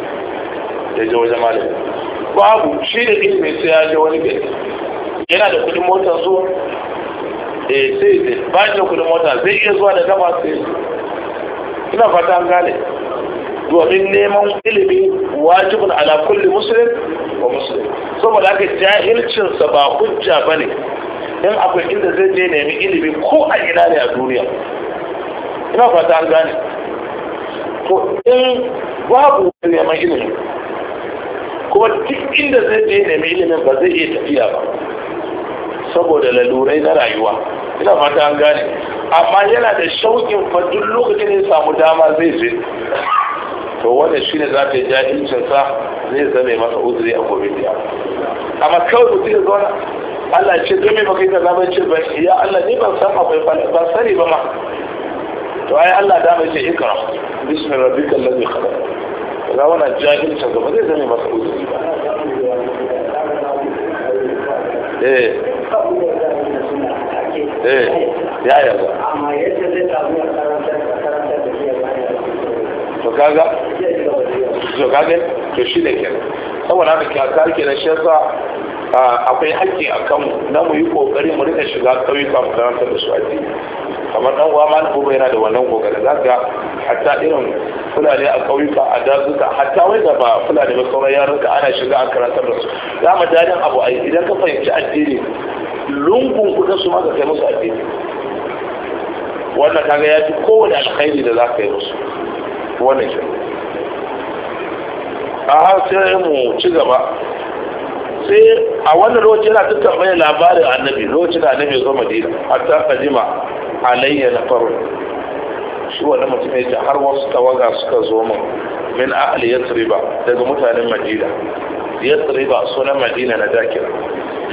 ya je wajen malami babu shi da ilimin sai ya je wani gari yana da kudin motar zuwa eh sai zai ba shi da kudin mota zai iya zuwa da gaba sai ina fata an gane domin neman ilimi wajibin ala kulli muslim wa muslim saboda haka jahilcinsa ba hujja ba ne in akwai inda zai je nemi ilimi ko a ina ne a duniya ina fata an gane to in babu neman ilimi kuma duk inda zai je nemi ilimin ba zai iya tafiya ba saboda lalurai na rayuwa ina fata an gane amma yana da shauƙin fa duk lokacin ya samu dama zai je to wannan ne za ta jahilcin sa zai zame masa uzuri a gobe da amma kawai mutum ya zauna Allah ce don me baka yi kaza ce ba ya Allah ni ban san akwai ban sani ba ma to ai Allah da mai ce ikra bismi rabbikal ladhi khalaq ga wannan jahilcin ba zai zama masa uzuri ba eh eh ya yarda amma yadda zai samu karantar da iya bayan to kaga to kaga to shi ne ke saboda haka kyakar kenan shi yasa ah, akwai hakki a kanmu na mu yi kokari mu rika shiga ƙauyuka mu karantar da su addini kamar dan uwa malam buba yana da wannan kokarin za ga hatta irin fulani a kauyuka a dazuka hatta wai da ba fulani ba sauran yaranka ana shiga a karantar da su za mu dadin abu a idan ka fahimci addini lungun kudin su ma ka kai musu addini wannan kaga ya fi kowane alkhairi da za ka yi musu wannan shi a har sai mu ci gaba sai a wannan lokacin yana tattara mai labarin annabi lokacin da annabi zo madina hatta kadima alayya na faru shi wani mutum ya ce har wasu tawaga suka zo min min ahli yasriba daga mutanen madina yasriba sunan madina na dakin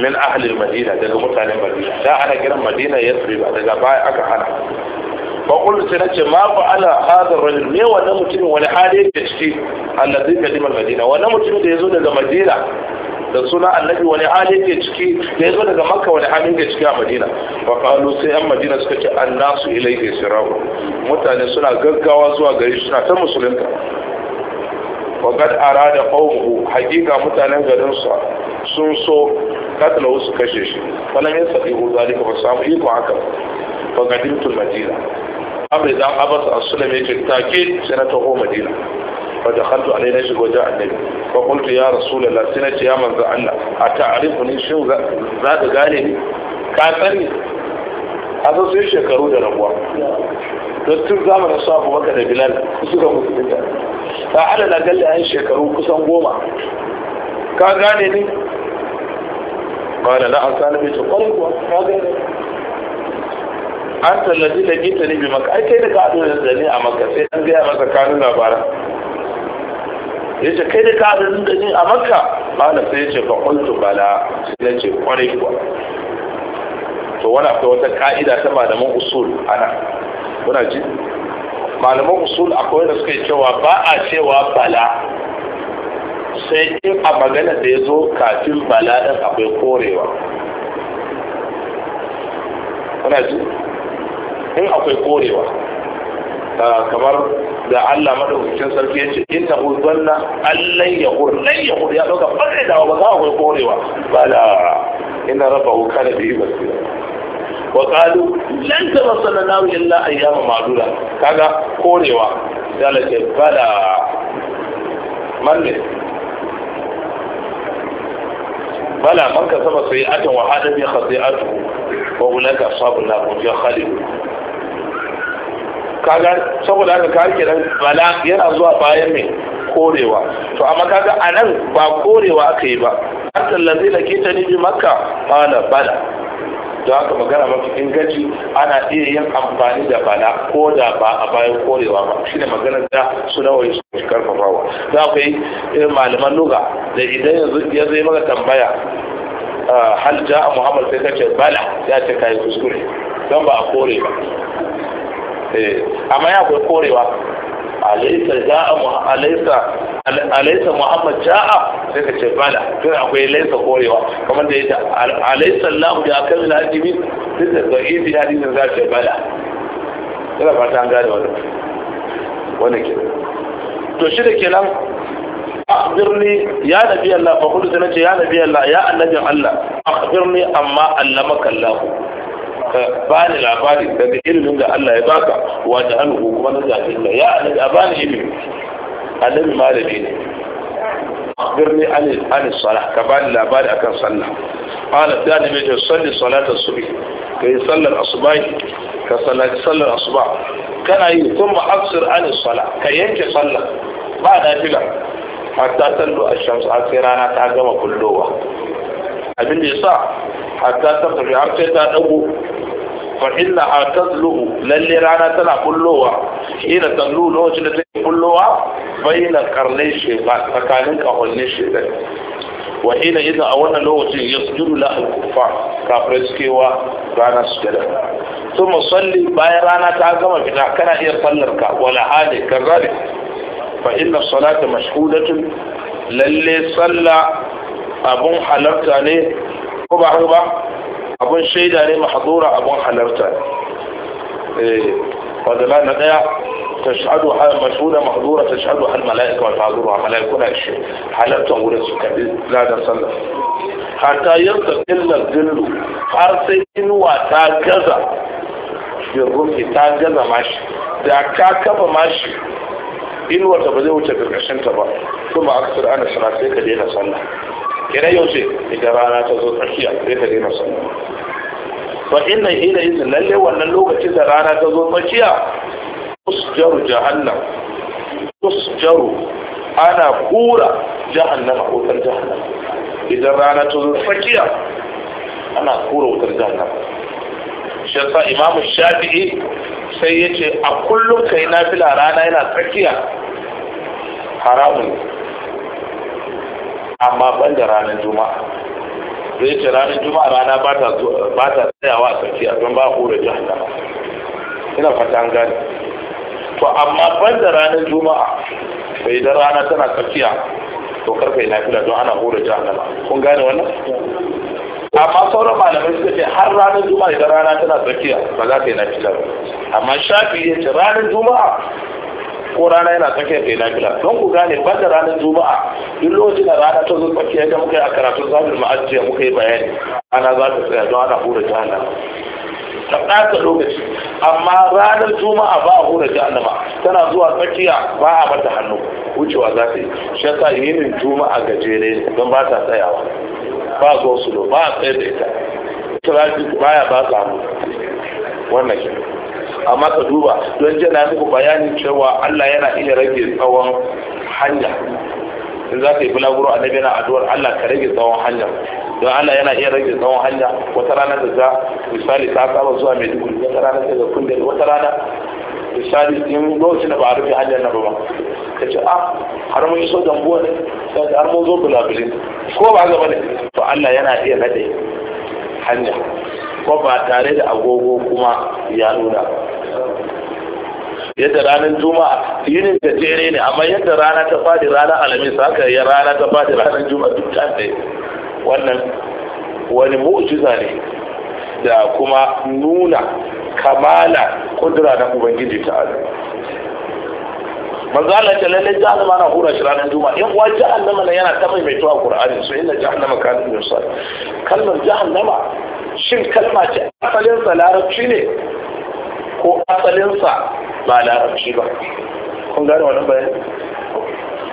min ahli madina daga mutanen madina da ana kiran madina yasriba daga baya aka hana ba qul sai ma fa ala hadha rajul me wannan mutumin wani hali yake ciki alladhi kadima madina wannan mutumin da yazo daga madina da suna annabi wani halin ke ciki da ya daga makka wani halin ke ciki a madina ba kalu sai yan madina suka ce an nasu ilai ke sirabu mutane suna gaggawa zuwa gari suna ta musulunta wa gad ara da kawo hakika mutanen garin su sun so katla wasu kashe shi falon yin sadi hu zali ka samu iko haka ba gadin tul madina amrizan abbas a sulame ke take sai na taho madina fa dakhaltu shigo ja annabi fa qultu ya rasulullah ya manzo Allah a shin za ka gane ni ka sani a so sai shekaru da rabuwa don tun zamanin su abu da bilal suka musulunta ta ala na galle an shekaru kusan goma ka gane ni kwana na an sani bai kwarai kuwa ka gane an tallafi da gita ne bi maka ai da ka ado da ne a maka sai an gaya masa kanun labaran ya ce kai da ka azazin da ni a makka ƙala sai ya ce fa ƙultu bala sai na ce ƙwarai kuwa to wani akwai wata ka'ida ta malaman usul ana kuna ji malaman usul akwai wanda suka yi cewa ba a cewa bala sai in a magana da ya zo kafin bala ɗin akwai korewa kuna ji in akwai korewa ah, kamar Ga Allah madaukakin sarki ya ce inna hu zanna allan yahur lan yahur ya dauka bare da ba za a kai korewa bala inna rabbahu kana bihi basira wa qalu lan tamassana nar illa ayyama Madura kaga korewa Ya lake bala malle bala man kasaba sai atan wa hadabi khati'atu wa ulaka ashabun nar hum khalidun kaga saboda haka ka dan bala yana zuwa bayan mai korewa to amma kaga anan ba korewa aka yi ba hatta lazi ke tani bi makka bala bala Da haka magana mafi inganci ana iya yin amfani da bala ko da ba a bayan korewa ba shi ne maganar da su nawa su karfafawa za akwai irin malaman nuga da idan yanzu ya zai maka tambaya ah, hal ja'a muhammad sai kace bala ya ce kai kuskure don ba a kore ba Eh, amma ya akwai korewa alaisa ja'a alaisa alaisa muhammad ja'a sai ka ce bala tun akwai laisa korewa kamar da yadda alaisa allah bi akal hadibi duk da zaifi hadisin za ce bala ina fata an gane wannan wannan ke to shi da kenan akhbirni ya nabi allah fa kullu sanace ya nabi allah ya annabi allah akhbirni amma kalla ko. ba ni labari daga ilimin da Allah ya baka wa da alhu kuma na zaɓi da ya annabi a bani ilimi annabi malami ne birni an sala ka ba ni labari akan sallah qala da annabi ya salli salatar subhi kai sallar asuba ka sallaci sallar asuba kana yi kuma afsir an sala ka yanke sallah ba na fila hatta tallu ash-shams a sai rana ta gama kullowa abin da sa hatta ta tafi har sai ta dago fa illa tazlu lalle rana tana kullowa ina tazlu lokacin da take kullowa baina karnai ba tsakanin shi shaytan wa ina idan a wannan lokacin ya yasjudu la al-kuffar kafirai suke wa rana sujada sun musalli bayan rana ta gama fita kana iya sallar ka wala hali kan rabi fa inna salata mashhudatun lalle sallah abun halarta ne ko ba haka ba abun shaida ne mahadura abun halarta ne eh, fadala na daya tashhadu hal mashhuda mahdura tashhadu hal malaika wa ta'duru wa malaikuna shi halarta wurin su kadi ladan sallah hatta yarda illa dillu har sai inuwa ta gaza ya rufi ta gaza mashi da ka kafa mashi inuwar ta ba zai wuce karkashin ta ba kuma aksar ana sana sai ka daina sallah kira yaushe idan rana ta zo tsakiya sai ta daina sallah fa inna ila izin lalle wannan lokacin da rana ta zo tsakiya tusjaru jahannam tusjaru ana kura a wutar jahannama idan rana ta zo tsakiya ana kura wutar jahannama shi yasa imamu shafi'i sai yace a kullum kai nafila rana yana tsakiya haramun amma ban da ranar juma'a zai ce ranar juma'a rana ba ta tsayawa a tsakiya don ba da jahannama ina fata an gani, to amma ban da ranar juma'a bai da rana tana tsakiya to karka yi fila don ana hura jahannama kun gane wannan amma sauran malamai suka ce har ranar juma'a idan rana tana tsakiya ba za ka yi nafila ba amma shafi ya ce ranar juma'a ko rana yana tsakiyar kai lafiya don ku gane ban da ranar juma'a in lokacin da rana ta zo tsakiya da muka yi a karatun zafin ma'ajiya muka yi bayani ana za ta tsaya don ana hura jihanna ta ɓata lokaci amma ranar juma'a ba a hura ba tana zuwa tsakiya ba a mata hannu wucewa za ta yi shi yasa yinin juma'a gajere don ba ta tsayawa ba zuwa slow ba a tsaye da ita ba baya ba samu wannan shi amma ka duba don jana muku bayanin cewa Allah yana iya rage tsawon hanya in za ka yi bulaguro nabi na addu'ar Allah ka rage tsawon hanya don Allah yana iya rage tsawon hanya wata rana da za misali ta saba zuwa mai duk wata rana sai ga kundin wata rana misali in lokacin da ba a rufe hanyar na ba ka ce ah har mun iso gambuwa ne har mun zo bulaguro ko ba gaba ne to Allah yana iya rage hanya ko ba tare da agogo kuma ya nuna yadda ranar juma'a yinin tere ne amma yadda rana ta fadi ranar alamis haka ya rana ta fadi ranar juma'a duk ta wannan wani mu'jiza ne da kuma nuna kamala kudura na ubangiji ta azumi manzo Allah ta lalle jahannama na hura shi ranar juma'a in kuwa jahannama na yana ta maimaito a qur'ani so inna jahannama kana min sar kalmar jahannama shin kalma ce asalin sa larabci ne ko asalin sa ba larabci ba kun gane wannan bayani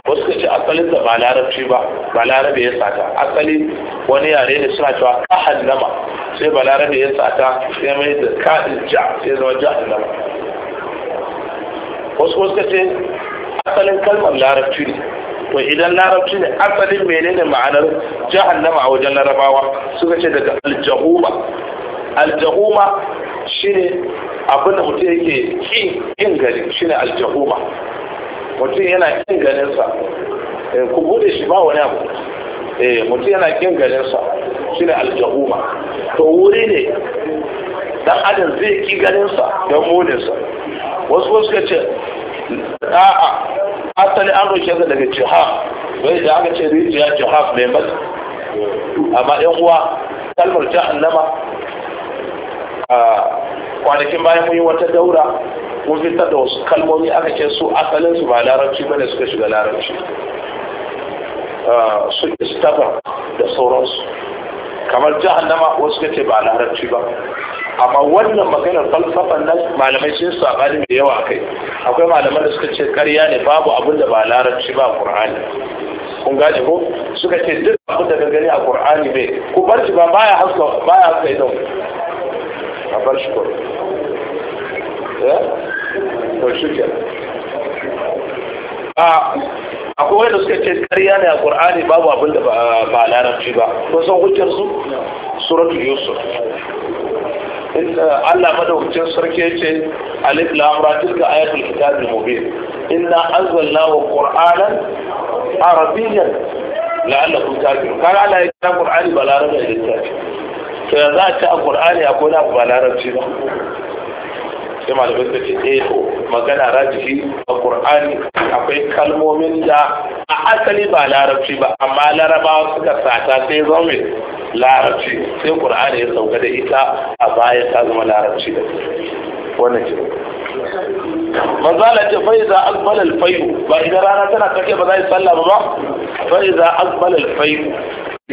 wasu ka ce asalin sa ba larabci ba ba larabe ya sata asali wani yare ne suna cewa kahannama sai ba larabe ya sata sai mai da ka'in ja sai zama jahannama wasu wasu ka ce asalin kalmar larabci ne to idan larabci ne asalin menene ma'anar jahannama a wajen larabawa suka ce daga aljahuma aljahuma shine abin da mutum yake kin kin gari shine aljahuma mutum yana kin ganinsa eh, ku bude shi ba wani abu eh mutum yana kin ganinsa shine aljahuma to wuri ne dan adam zai ki ganinsa don sa wasu suka ce a'a asali an roƙe sa daga jihaf wai da aka ce rijiya jihaf mai mata amma yan uwa kalmar jahannama a kwanakin bayan mun yi wata daura mun fitar da wasu kalmomi aka ce su asalin su ba larabci bane suka shiga larabci su istafa da sauransu kamar jahannama wasu ka ce ba larabci ba amma wannan maganar falsafan nan malamai sun sabani da yawa kai, akwai malamai da suka ce karya ne babu abin da ba larabci ba qur'ani kun gaji ko suka ce duk abin da gani a qur'ani bai ku bar shi ba baya haska baya haska idan a bar shi ko eh? to shi ke a ah, akwai wanda suka ce kariya ne a ƙur'ani babu abin da ba larabci ba ko san hujjar su suratu yusuf Allah madaukakin sarki yace alif lam ra tilka ayatul kitabil mubin inna anzalnahu qur'ana arabiyyan la'allakum ta'qilun kana Allah ya kira qur'ani ba larabci da littafi to yanzu a ce a qur'ani akwai na ba larabci ba sai malamai suka ce eh to magana rajihi a qur'ani akwai kalmomin da a asali ba larabci ba amma larabawa suka sata sai zama larabci sai qur'ani ya sauka da ita a baya ta zama larabci da wannan ce manzala ce fa iza aqbala al ba idan rana tana kake ba za yi sallah ba fa iza aqbala al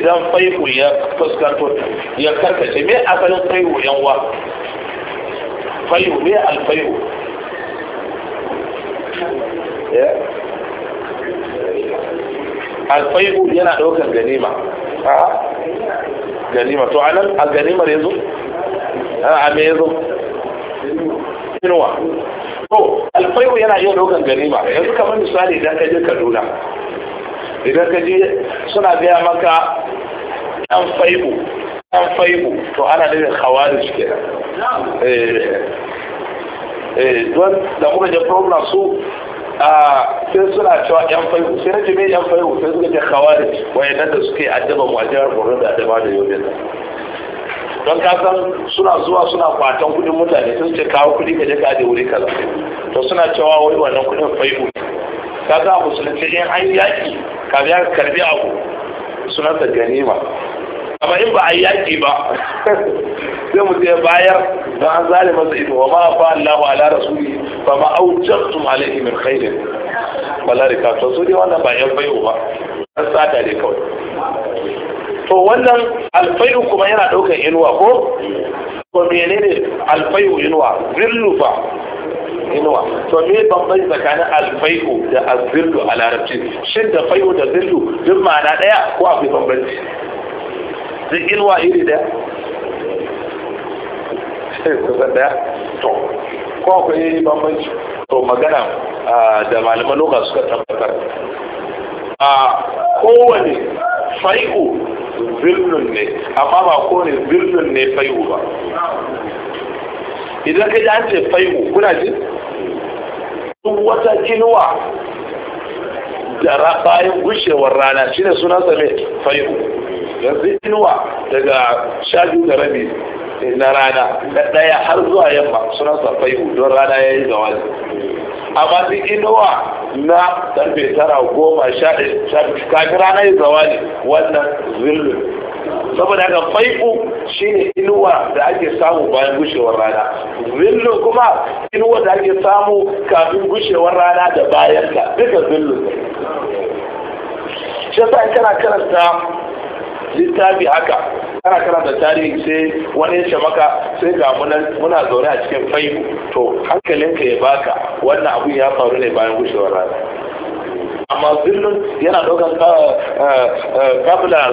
idan faihu ya fuskanto ya karkace me asalin faihu yan wa alfayu ne alfayu alfayu yana daukan ganima a ganima to anan a ganimar yazo a me yazo inuwa to alfayu yana iya daukan ganima yanzu kamar misali idan ka je kaduna idan ka je suna gaya maka yan fai'u an faibu to ana nufin khawarij ke eh, eh, don da kuma je program su sai suna cewa yan faibu sai na jimi yan faibu sai suka kawarin wani nan da suke addaba mu a jihar borno da addaba da yau don kasan suna zuwa suna kwatan kudin mutane sun ce kawo kudi ka je ka aje wuri kaza to suna cewa wai wannan kudin faibu kaga a musulunci in an yaki ka biya karbi abu sunan da ganima amma in ba a yi yaƙi ba sai mu ce bayar da an zale masa ido wa ma fa Allahu ala rasuli fa ma aujabtum alaihi min khairin wallahi ka to su dai wannan ba yan bai'u ba an sata ne kawai to wannan alfayu kuma yana ɗaukar inuwa ko ko menene alfayu inuwa zillu fa inuwa to me bambanci tsakanin alfayu da azillu a larabci shin da fayu da zillu duk ma'ana ɗaya ko akwai bambanci duk inuwa iri daya kusan daya to ko akwai bambanci to magana da malaman lokacin suka tabbatar a kowane fai'u birnin ne amma ba kowane birnin ne fai'u ba idan ka ji an ce fai'u kuna ji duk wata inuwa, da bayan gushewar rana shine sunansa ne fai'u yanzu inuwa daga sha biyu da rabi eh, na rana da ɗaya har zuwa yamma suna safai don rana ya yi zawali amma su inuwa na karfe tara goma sha ɗaya eh, kafin rana ya zawali wannan zillin saboda haka shi shine inuwa da ake samu bayan gushewar rana zillin kuma inuwa da ake samu kafin gushewar rana da bayanta duka zillin shi yasa kana karanta littafi haka ana karanta tarihi sai wani ya maka sai ga muna zaune a cikin faihu to hankalinka ya baka wannan abu ya faru ne bayan gushewar rana amma zillun yana ɗaukar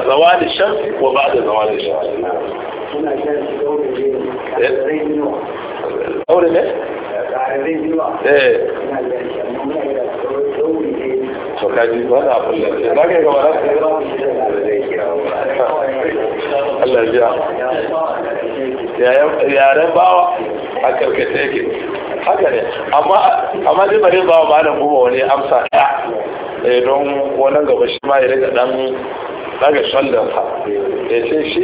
zawa da shan eh? wa ba da zawa da shan ne? to kaji wani da da ya yake haka ne amma bawa ba da kuma wani amsa eh, don wani gaba shi ma ya dan daga shi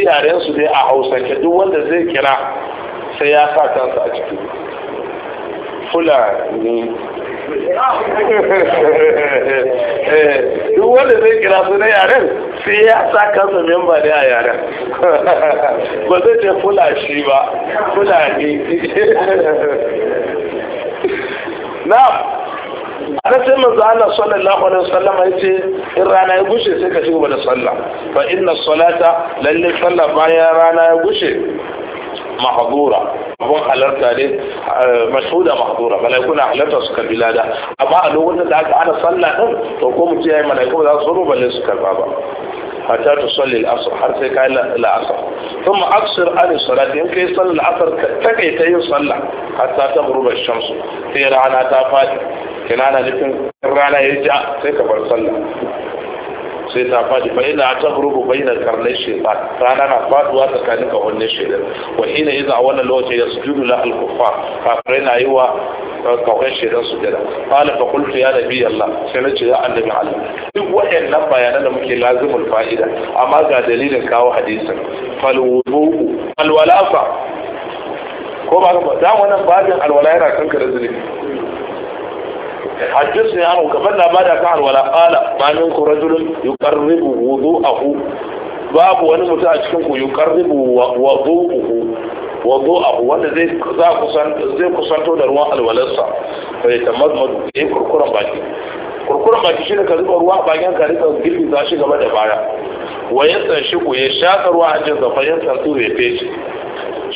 yaren su dai a hausa duk wanda zai kira sai ya sa kansa a ciki fulani [laughs] duk wanda zai kira su na yaren sai ya sa kansa memba ne a yaren [laughs] ba zai ce shi ba fulani [laughs] na ana sai manzo Allah sallallahu alaihi wasallam ya ce in rana ya gushe sai ka ci gaba da sallah fa inna salata lalle sallah bayan rana ya gushe محظورة أبوان حلال تالي يعني، مشهودة آه، محظورة بل يكون أحلاته سكر بلادة أما لو قلت لك أنا صلى نم وقوم جاي من يكون هذا صروبا لسكر بابا حتى تصلي الأصر حتى كان الأصر ثم أقصر عن الصلاة يمكن يصلي الأصر تكي يصلى حتى تغرب الشمس في رعنا تافات كنا نتن رعنا يجع سيكبر صلى sai ta fadi fa ina ta rubu bayyana karnai shaitan rana na faduwa tsakanin kawannin shaitan wa ina iza a wannan lokaci ya sujudu la al-kuffar kafirai na yiwa wa eh, kawai shaidan su jira qala fa qultu ya nabi allah sai nace ya annabi allah duk waɗannan bayanan da muke lazimul fa'ida amma ga dalilin kawo hadisin fal wudu alwala fa ko ba ka dan wannan babin alwala yana kankare zunubi حدثني عنه كفلنا بعد فعل ولا قال ما منك رجل يقرب وضوءه باب وانا متأشكمكم يقرب وضوءه وضوءه وانا زي كسانتو دروا الولسة فيتمضمض يهي كركرا باكي kurkuren baki shi ne ka zuba ruwa bakin ka rika girbi za shi gaba da baya wa ya tsanshi ku ya shaƙa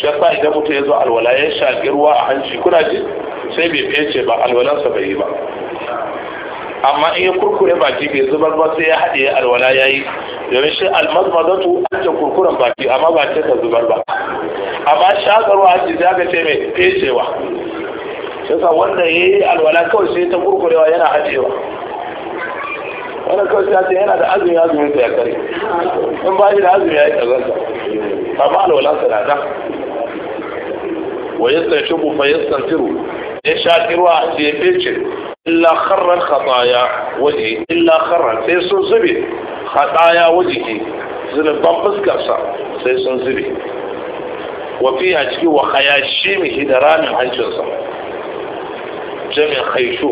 shi yasa idan mutum ya zo alwala ya shafi ruwa a hanci kuna ji sai bai fece ba alwalansa bai yi ba amma in ya kurkure baki bai zubar ba sai ya haɗe alwala ya yi domin shi almazmazatu an ce kurkuren baki amma ba ce ta zubar ba amma wa hanci za ka ce mai fecewa sai sa wanda ya yi alwala kawai sai ta kurkurewa yana haɗewa wani kawai ya ce yana da azumi azumin sa ya kare in ba shi da azumi ya yi kazanta amma alwalansa na da wa yasta shubu fa yastantiru ya sha kirwa ya fece illa kharrar khataya waje illa kharrar sai sun zube khataya waje ke. zunuban fuskarsa sai sun zube wa fiya ciki wa khayashimihi da ramin hancinsa jami'in haishu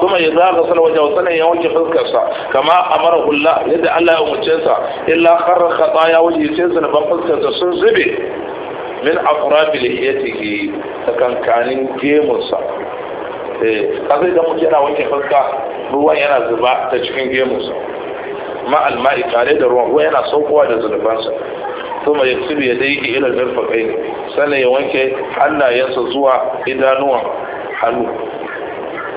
kuma ya zaga sal wajen sanan ya wanke fuskarsa kama a mara hula yadda Allah ya umarce sa illa kharra tsaya wajen sa na ban fuskarsa sun zube min afrabi lihiyatihi takankanin gemunsa eh kaza idan mutum yana wanke fuska ruwan yana zuba ta cikin gemunsa ma'al ma'i tare da ruwan ruwa yana saukowa da zunubansa kuma ya tsibi ya daiki ilal mirfaƙai ne sannan ya wanke hannayensa zuwa idanuwan hannu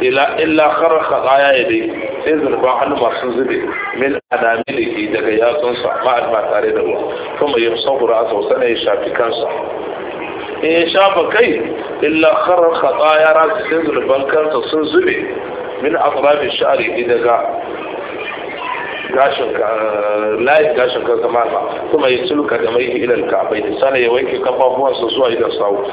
ila illa kharaka qaya yadi sai zurba hannu masu zube min adami da ke daga yatsunsa ma'ad ba tare da ruwa kuma yin sabura a ne ya shafi kansa in ya shafa kai illa kharaka qaya rasu sai zurban kansa sun zube min atrafin sha'ari daga gashin layin gashin kan zama kuma ya sulka da mai ilal ka bai sana ya wanke kafafuwansa zuwa idan sawu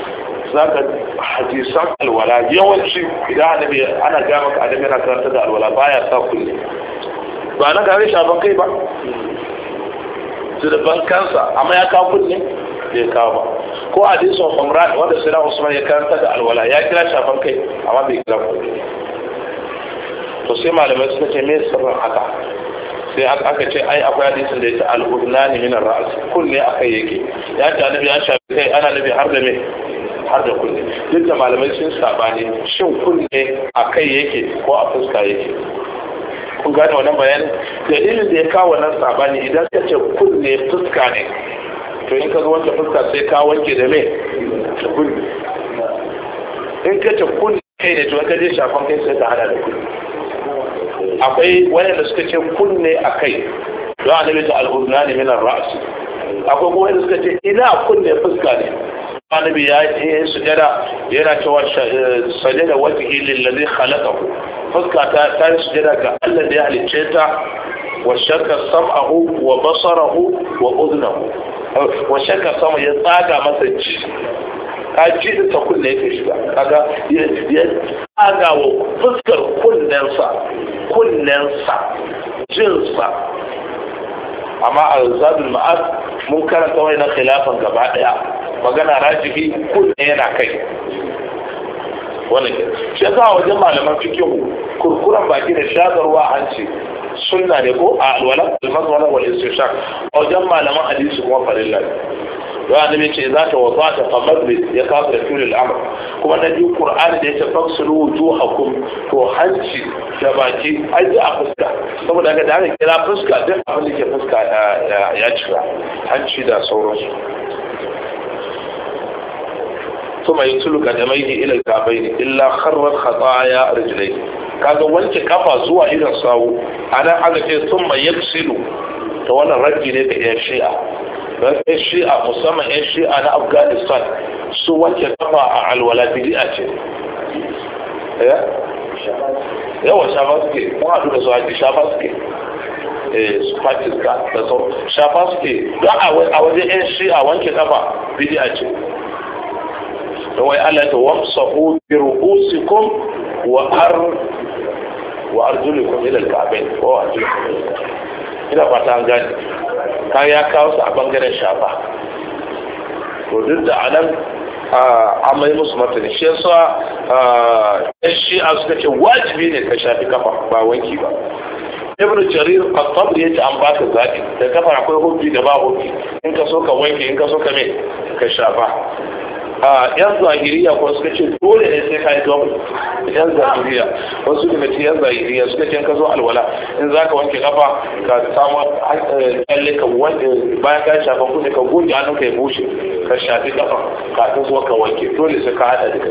zaka hadisan alwala yawanci idan annabi ana ga maka annabi yana karanta da alwala baya sa kulli ba na gare ban kai ba ban kansa amma ya kawo kunne bai kawo ba ko hadisan umra wanda sai usman ya karanta da alwala ya kira ban kai amma bai kira ku. to sai malamai suka ce me sirrin haka sai aka ce ai akwai hadisin da ya al-udnani min ar-ra's kunne akai yake ya ta annabi ya shafi kai ana nabi har da me har da kunne duk da malamai sun sabani shin kunne a kai yake ko a fuska yake kun gane wannan bayanin dalilin da ya kawo wannan sabani idan ka ce kunne fuska ne to in ka ga wanda fuska sai ka wanke da da kunne in ka ce kunne kai ne to ka je shafan kai sai ka hada da kunne akwai wani da suka ce kunne a kai don annabi ta al'udna ne min ar akwai kuma wanda suka ce ina kunne fuska ne galibi ya yi sujada yana cewa eh, sajada wata ilin lalai halaka fuska ta yi sujada ga allah da ya halicce ta wa shakka sam'ahu wa basarahu wa uznahu wa shakka sama ya tsaga masa ji ka ji da ta kunne ke shiga kaga ya tsaga wa fuskar kunnensa kunnensa jinsa amma a zadul ma'ad mun karanta wani na khilafan gaba daya magana rajihi kun yana kai wannan shi yasa wajen malaman fikihu kurkuran baki da shagarwa hanci sunna ne ko a alwala almazwala wal istishaq wajen malaman hadisi kuma farilla to annabi ce za ta wafata fa mazlis ya kafa rasulul amr kuma na ji qur'ani da yace faksulu wujuhakum to hanci da baki an yi a fuska saboda ga da aka kira fuska duk abin da ke fuska ya cira hanci da sauransu tulu ثم ينسل قدميه الى الكعبين الا خرت خطايا رجليه kaga wanke kafa zuwa idan sawu nan aka ce sun mai yaksilu ta wannan raji ne ga yan shi'a don yan shi'a musamman yan shi'a na afghanistan su wanke kafa a alwala bidi'a ce eh? yawa shafa suke kuma haɗu da su haƙi shafa suke eh, su fatis da sauran shafa suke don a wajen yan shi'a wanke kafa bidi'a ce da wai Allah ta ku bi ko, wa ar wa arjulukum ila al-ka'bayn wa da ka al ina fata an gane ka ya kawo su a bangaren shafa to duk da anan a mai musu martani shi yasa shi a suka ce wajibi ne ka shafi kafa ba wanki ba ibnu jarir al ya ce an baka zaɓi da kafa akwai hobbi da ba hobbi in ka so ka wanke in ka so ka me ka shafa a yan zahiriya kuma suka ce dole ne sai ka yi don yan zahiriya wasu daga cikin yan zahiriya suka ce ka zo alwala in za ka wanke kafa ka samu kyalle ka wanke bayan ka shafa ne ka goge hannun ka ya bushe ka shafi kafa kafin zuwa ka wanke dole sai ka haɗa duka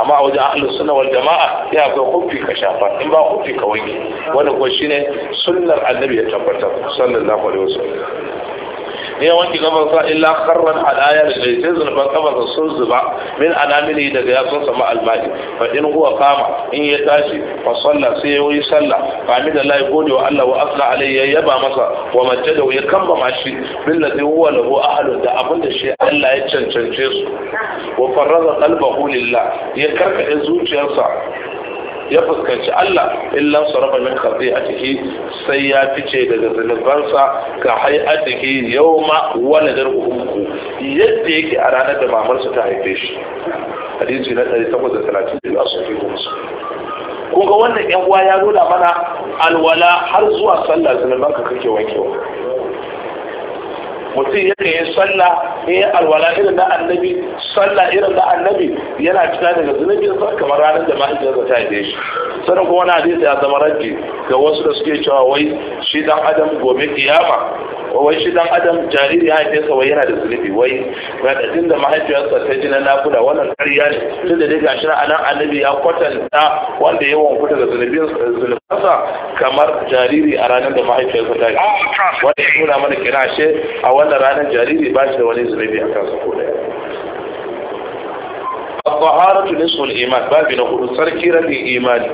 amma a wajen ahlus sunna wal jama'a ya ga kofi ka shafa in ba kofi ka wanke wannan ko shine sunnar annabi ya tabbatar sallallahu alaihi wasallam ne wanke gabansa illa karran hadayar da sai zunuban kafarsa sun zuba min anamili daga yatsun sama almai fa in huwa kama in ya tashi fa salla sai yi salla fa mi da lai gode wa Allah wa afla alai ya yaba masa wa majjada ya kammama shi billazi huwa lahu ahlu da da shi Allah ya cancance su wa farraza qalbahu lillah ya karkade zuciyarsa ya fuskanci Allah illan sarafa min ciki, sai ya fice daga zunubansa ka hay'atihi yawma waladar ummu yadda yake a ranar da mamarsa ta haife shi hadisi na 832 a sahih muslim kun ga wannan yan uwa ya nuna mana alwala har zuwa sallah zunubanka kake wankewa mutum yake yi sallah yi alwala irin na annabi salla irin na annabi yana cika daga zunubinsa kamar ranar da mahaifiyarsa ta yi shi sanin kuma wani hadisi ya zama raji ga wasu da suke cewa wai shi dan adam gobe kiyama wai shi dan adam jariri ya haife sa wai yana da zunubi wai radadin da mahaifiyarsa ta ji na nakuda wannan ƙarya ne tun da dai gashi a nan annabi ya kwatanta wanda ya wanku daga zunubansa kamar jariri a ranar da mahaifiyarsa ta ji wanda ya nuna mana kira kirashe a wannan ranar jariri ba shi da wani zunubi a kansa ko daya الطهارة نصف الإيمان na نقول سركي ربي imani.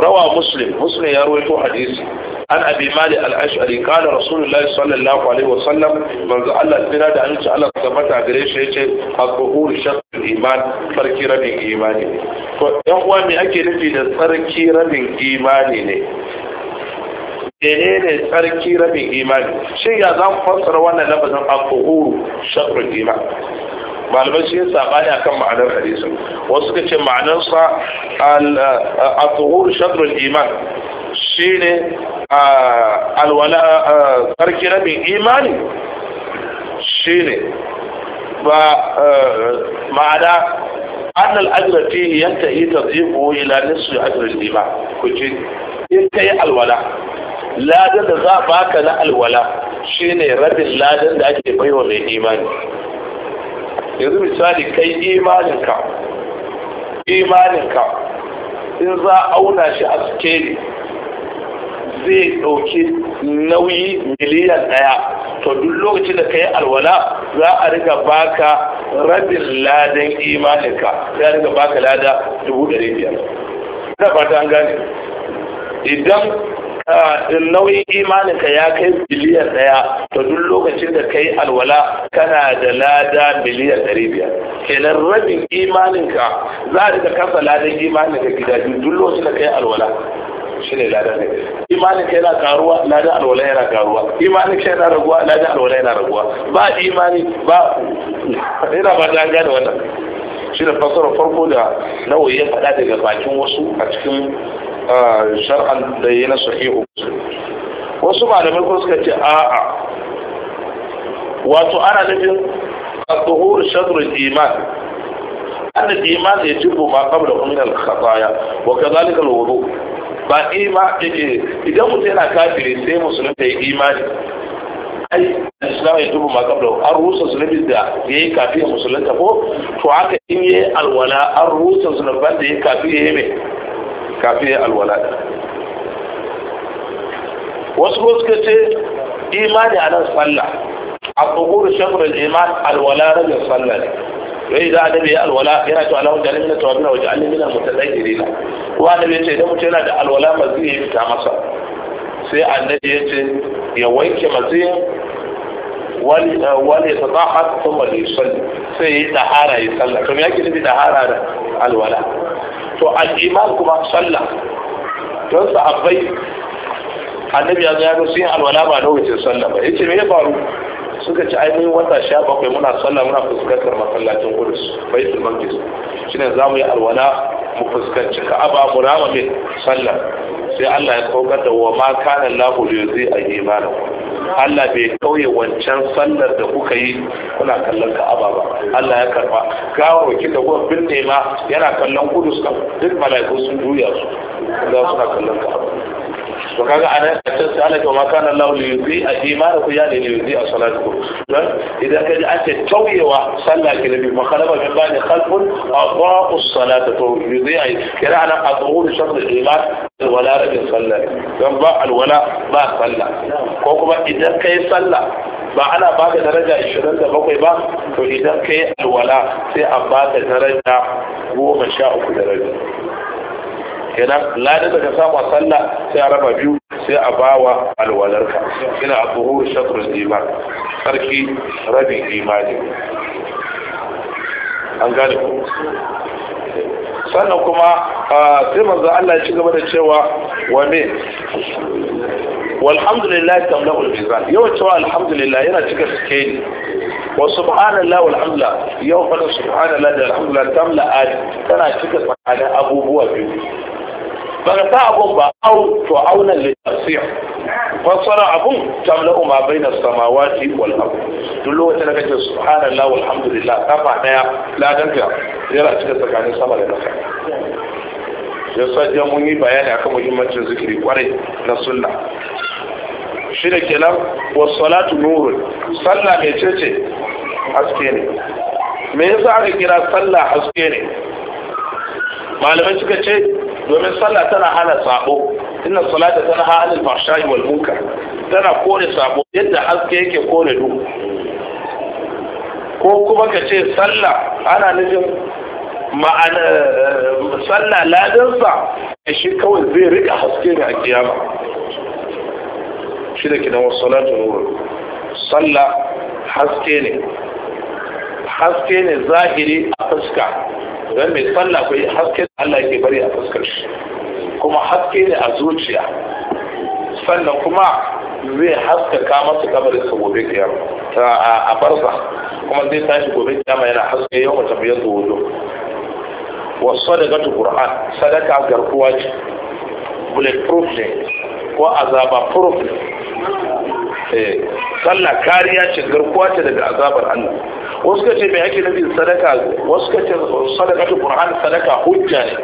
rawa muslim muslim ya rawaito hadisi an abi mali al-ash'ari qala rasulullahi sallallahu alaihi wasallam manzo Allah tira da annabi Allah tabbata gare shi yace aqul shaqqul iman farki rabin imani to yan uwa me ake nufi da tsarki rabin imani ne ne tsarki rabin imani shin ya za fassara wannan lafazin aqul shaqqul iman malamai sun yi sabani akan ma'anar hadisin wasu suka ce ma'anar sa al-tuhur shadrul iman shine alwala sarki rabin imani shine ba ma'ana an al'ajira fihi yi tadhibu ila nisfi ajri al-iman kuce in kai alwala ladan da za a baka na alwala shine rabin ladan da ake baiwa mai imani yanzu misali kai imaninka imaninka in za auna shi a skeli zai ɗauki nauyi miliyan ɗaya to duk lokacin da ka yi alwala za a riga baka rabin ladan imaninka za a riga baka lada dubu ɗari biyar. an gane. Idan Ah, nauyin imaninka ya kai biliyan ɗaya to duk lokacin da kai alwala kana da lada miliyan ɗari biyar kenan rabin imaninka za a rika kasa ladan ka gida duk lokacin da kai alwala shi ne ladan ne imaninka yana karuwa ladan alwala yana karuwa imaninka yana raguwa ladan alwala yana raguwa ba imani ba yana ba ta gane wannan shi da fasara farko da nawa ya faɗa daga bakin wasu a cikin shar'an da yi na sahihu wasu malamai ko suka ce a'a wato ana nufin al-tuhur shatr al-iman an al-iman yajibu ma qabla min al-khataya wa kadhalika al-wudu ba ima yake idan mutum yana kafiri sai da ya imani ai islam ya tubu makabla an rusa zunubin da ya yi kafin ya musulunta ko to haka in yi alwala an rusa zunubin da ya yi kafin ya yi mai kafin ya alwala da wasu ko suka ce imani a nan tsalla a da shagunan iman alwala rabin sallah ne za a dabe ya alwala yana to alahu da alimina tawabina wajen alimina mutadakirina ko da ya ce idan mutum yana da alwala mazi ya fita masa sai annabi ya ce ya wanke mazi wani ya tsaha har kuma da yusalli sai ya yi tahara ya sallah kuma ya ke nufi tahara da alwala to al'iman kuma sallah don sahabbai annabi ya zai sun yi alwala ba lokacin sallah ba yace me ya faru suka ci ainihin wata sha bakwai muna sallah muna fuskantar masallacin kudus su shi ne za mu yi alwala mu fuskanci Ka aba mu rama mai sallah sai Allah ya saukar da wa ma kanan lahu yuzi a imanakum Allah bai kauye wancan sallar da kuka yi kuna kallon Ka'aba ba Allah ya karba gawo ki da kuka binne ma yana kallon Kudus kan duk mala'iku sun duya su za su kallon Ka'aba to kaga anan a can sai Allah ya ma kana Allah li yuzi a imanu ku ya ne li yuzi a salatu dan idan kaji an ce tauyewa sallah ke nabi ma khalaba min bani khalfun adaa'u salata to yuzi ai kira anan adhuhur shart al-iman wala rabin sallah dan ba alwala ba sallah ko kuma idan kai sallah ba ana ba ka daraja 27 ba to idan kai alwala sai a ba ka daraja 13 daraja kenan ladin da ka samu sallah sai a raba biyu sai a bawa alwalarka ina a tuhuru shatrul iman sarki rabin imani an gane sannan kuma sai manzo Allah ya ci gaba da cewa wa me walhamdulillah tamlahu al-mizan yawan cewa alhamdulillah yana cika suke ni wa subhanallah walhamdulillah yau fa subhanallah da alhamdulillah tamla ad tana cika tsakanin abubuwa biyu ba sa abun ba au to auna litasir fassara abun tamla ma baina samawati wal ard duk lokacin da kace subhanallahi walhamdulillah kafa daya ladanka yana cika tsakanin sama da Ya yasa jiya mun yi bayani akan muhimmancin zikiri kwarai na sunna shi da kenan wasu nurun sallah mai cece haske ne me yasa aka kira sallah haske ne malamai suka ce domin sallah tana hana sabo inna salata tana hana al-fahsha'i wal munkar tana kore sabo yadda haske yake kore duhu ko kuma ka ce sallah ana nufin ma'ana sallah sa shi kawai zai rika haske ne a kiyama shi da kidan wasu salatu nuru sallah haske ne haske ne zahiri a fuska don mai sallah kai haske da Allah ke bari a fuskar shi kuma haske ne a zuciya sannan kuma zai haskaka masa kabarin sa gobe kiyama a barza kuma zai tashi gobe kiyama yana haske yau mace biyar da wudu wasu daga tu qur'an sadaka garkuwa ce bulletproof ne ko azaba proof ne Eh, sallah kariya ce garkuwa ce daga azabar Allah wasu ka ce mai ake nufi sadaka wasu ka ce sadaka ta Qur'an sadaka hujja ne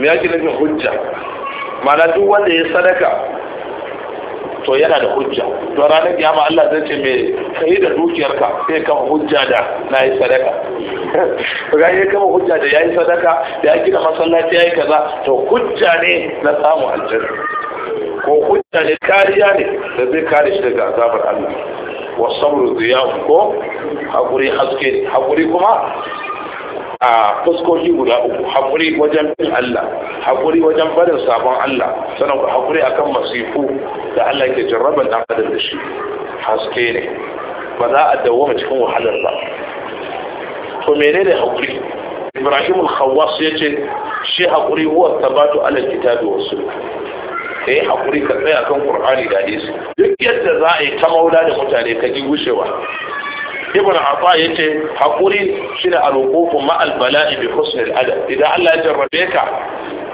mai ake nufin hujja mana duk wanda ya sadaka to yana da hujja to ranar kiyama Allah zai ce mai kai da dukiyarka sai kan hujja da na yi sadaka [laughs] ga ya kama hujja da ya yi sadaka da ya gina masallaci ya yi kaza to hujja ne na samun aljanna ko hujja ne kariya ne da zai kare shi daga azabar Allah wa sabru ziyahu ko hakuri haske ne hakuri kuma a fuskoki guda uku hakuri wajen bin Allah hakuri wajen barin sabon Allah sannan ku hakuri akan masifu da Allah ke jarraba da kadar da shi haske ne ba za a dawoma cikin wahalar ba to menene hakuri Ibrahim al-Khawwas yace shi hakuri huwa tabatu ala kitabi wa sunnah ka yi haƙuri ka tsaya kan ƙur'ani da hadisi duk yadda za a yi ta maula da mutane ka ji gushewa ibn afa yace hakuri shine al-wuqufu ma al-bala'i bi husn al-adab idan Allah ya jarrabe ka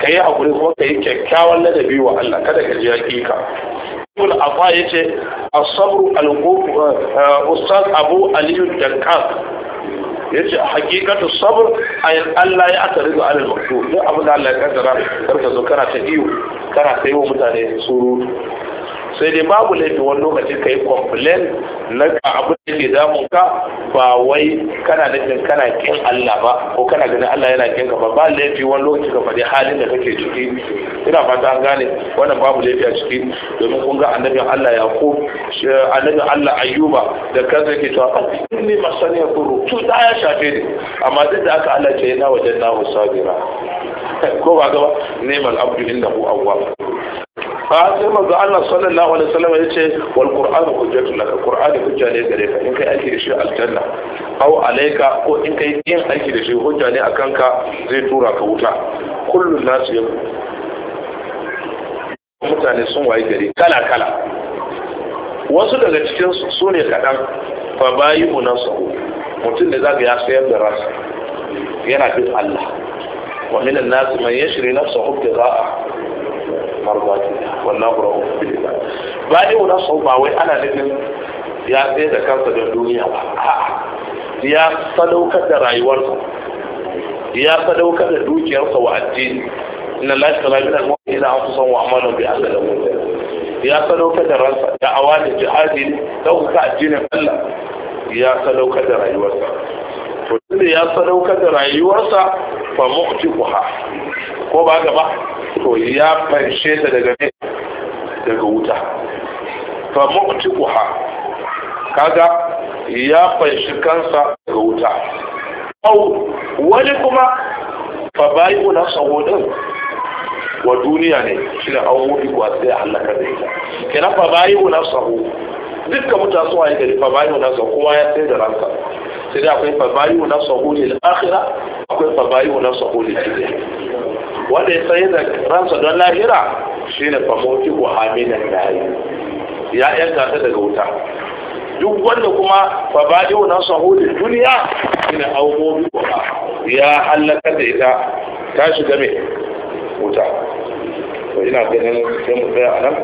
ka yi hakuri kuma ka yi kyakkyawan ladabi wa Allah kada ka ji hakika ibn afa ya ce sabr al eh, ustaz Abu Ali al ya ce hakikatu sabr ay Allah ya atarizu ala al-maqdur duk abin da Allah ya kaddara karka zo kana ta iyo kana sai wa mutane surutu sai dai babu laifin wani lokaci ka yi complain na abu da ke damun ka ba wai kana nufin kana kin Allah ba ko kana ganin Allah yana kin ka ba ba laifi wani lokaci ka faɗi halin da kake ciki ina fata an gane wannan babu laifi a ciki domin kun ga annabin Allah ya Yaqub annabin Allah Ayyuba da to a cikin inni masaniya kuru tu da ya shafe ne. amma duk da aka Allah ce yana wajen namu sabira ko ba gaba neman inda ku awwa fa sai manzo Allah sallallahu alaihi wasallam yace wal qur'an hujjatu lak qur'an hujja ne gare ka in kai aiki da shi aljanna aw alayka ko in kai yin aiki da shi hujja ne akan ka zai tura ka wuta kullu nas ya mutane sun waye gari kala kala wasu daga cikin su ne kadan fa bayi nasu mutum da zaka ya sayar da rasa yana bin Allah ومن الناس من يشري نفسه ابتغاء مرضات الله والنظرة في الله بعد أن أنا لكن يا سيد ذكرت في الدنيا يا صدو كدر أي ورد يا صدو كدر دوك يرصى وعدين إن الله يشكى من الموت إلى أنفسهم وأعمالهم بأهل الموت يا صدو كدر رصى يا أوان الجهاد لو كأجين الله يا صدو كدر أي ورد to ya sadaukar da rayuwarsa fa ha. ko ba gaba to ya fanshe ta daga ne daga wuta fa ha. kaga ya fanshi kansa daga wuta au wani kuma fa bayu na sahudin wa duniya ne shi da an mutu kuwa sai halaka da ita kenan fa bayu na sahu dukkan mutasuwa ya gari fa bayu na sahu kowa ya sai da ransa sai da akwai fabayu na sahuli akhira akwai fabayu na sahuli dunya wanda ya tsaye da ransa don lahira shine famoti wa haminan nari ya yanka ta daga wuta duk wanda kuma fabayu na sahuli duniya shine aumobi ya halaka da ita ta shiga mai wuta to ina ganin sai mu tsaya a nan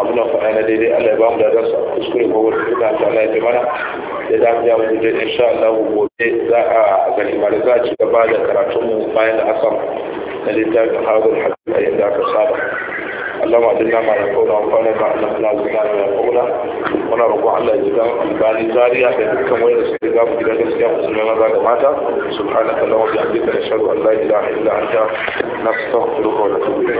abin da faɗa na daidai Allah ya ba mu da dasa kuskure ko wata kuka ta Allah ya ji mana da za mu ya mu da insha Allah gobe za a gani mare za a ci gaba da karatun mu bayan asam na littafin hadul hadith a yadda aka saba اللهم علمنا ما يقول وانفعنا ما علمنا وزدنا ما يقول وانا ربو الله يجزاك الباني زاريا بكم وين استجاب الى نفسك مسلمين بعد مات سبحانك اللهم وبحمدك نشهد ان لا اله الا انت نستغفرك ونتوب اليك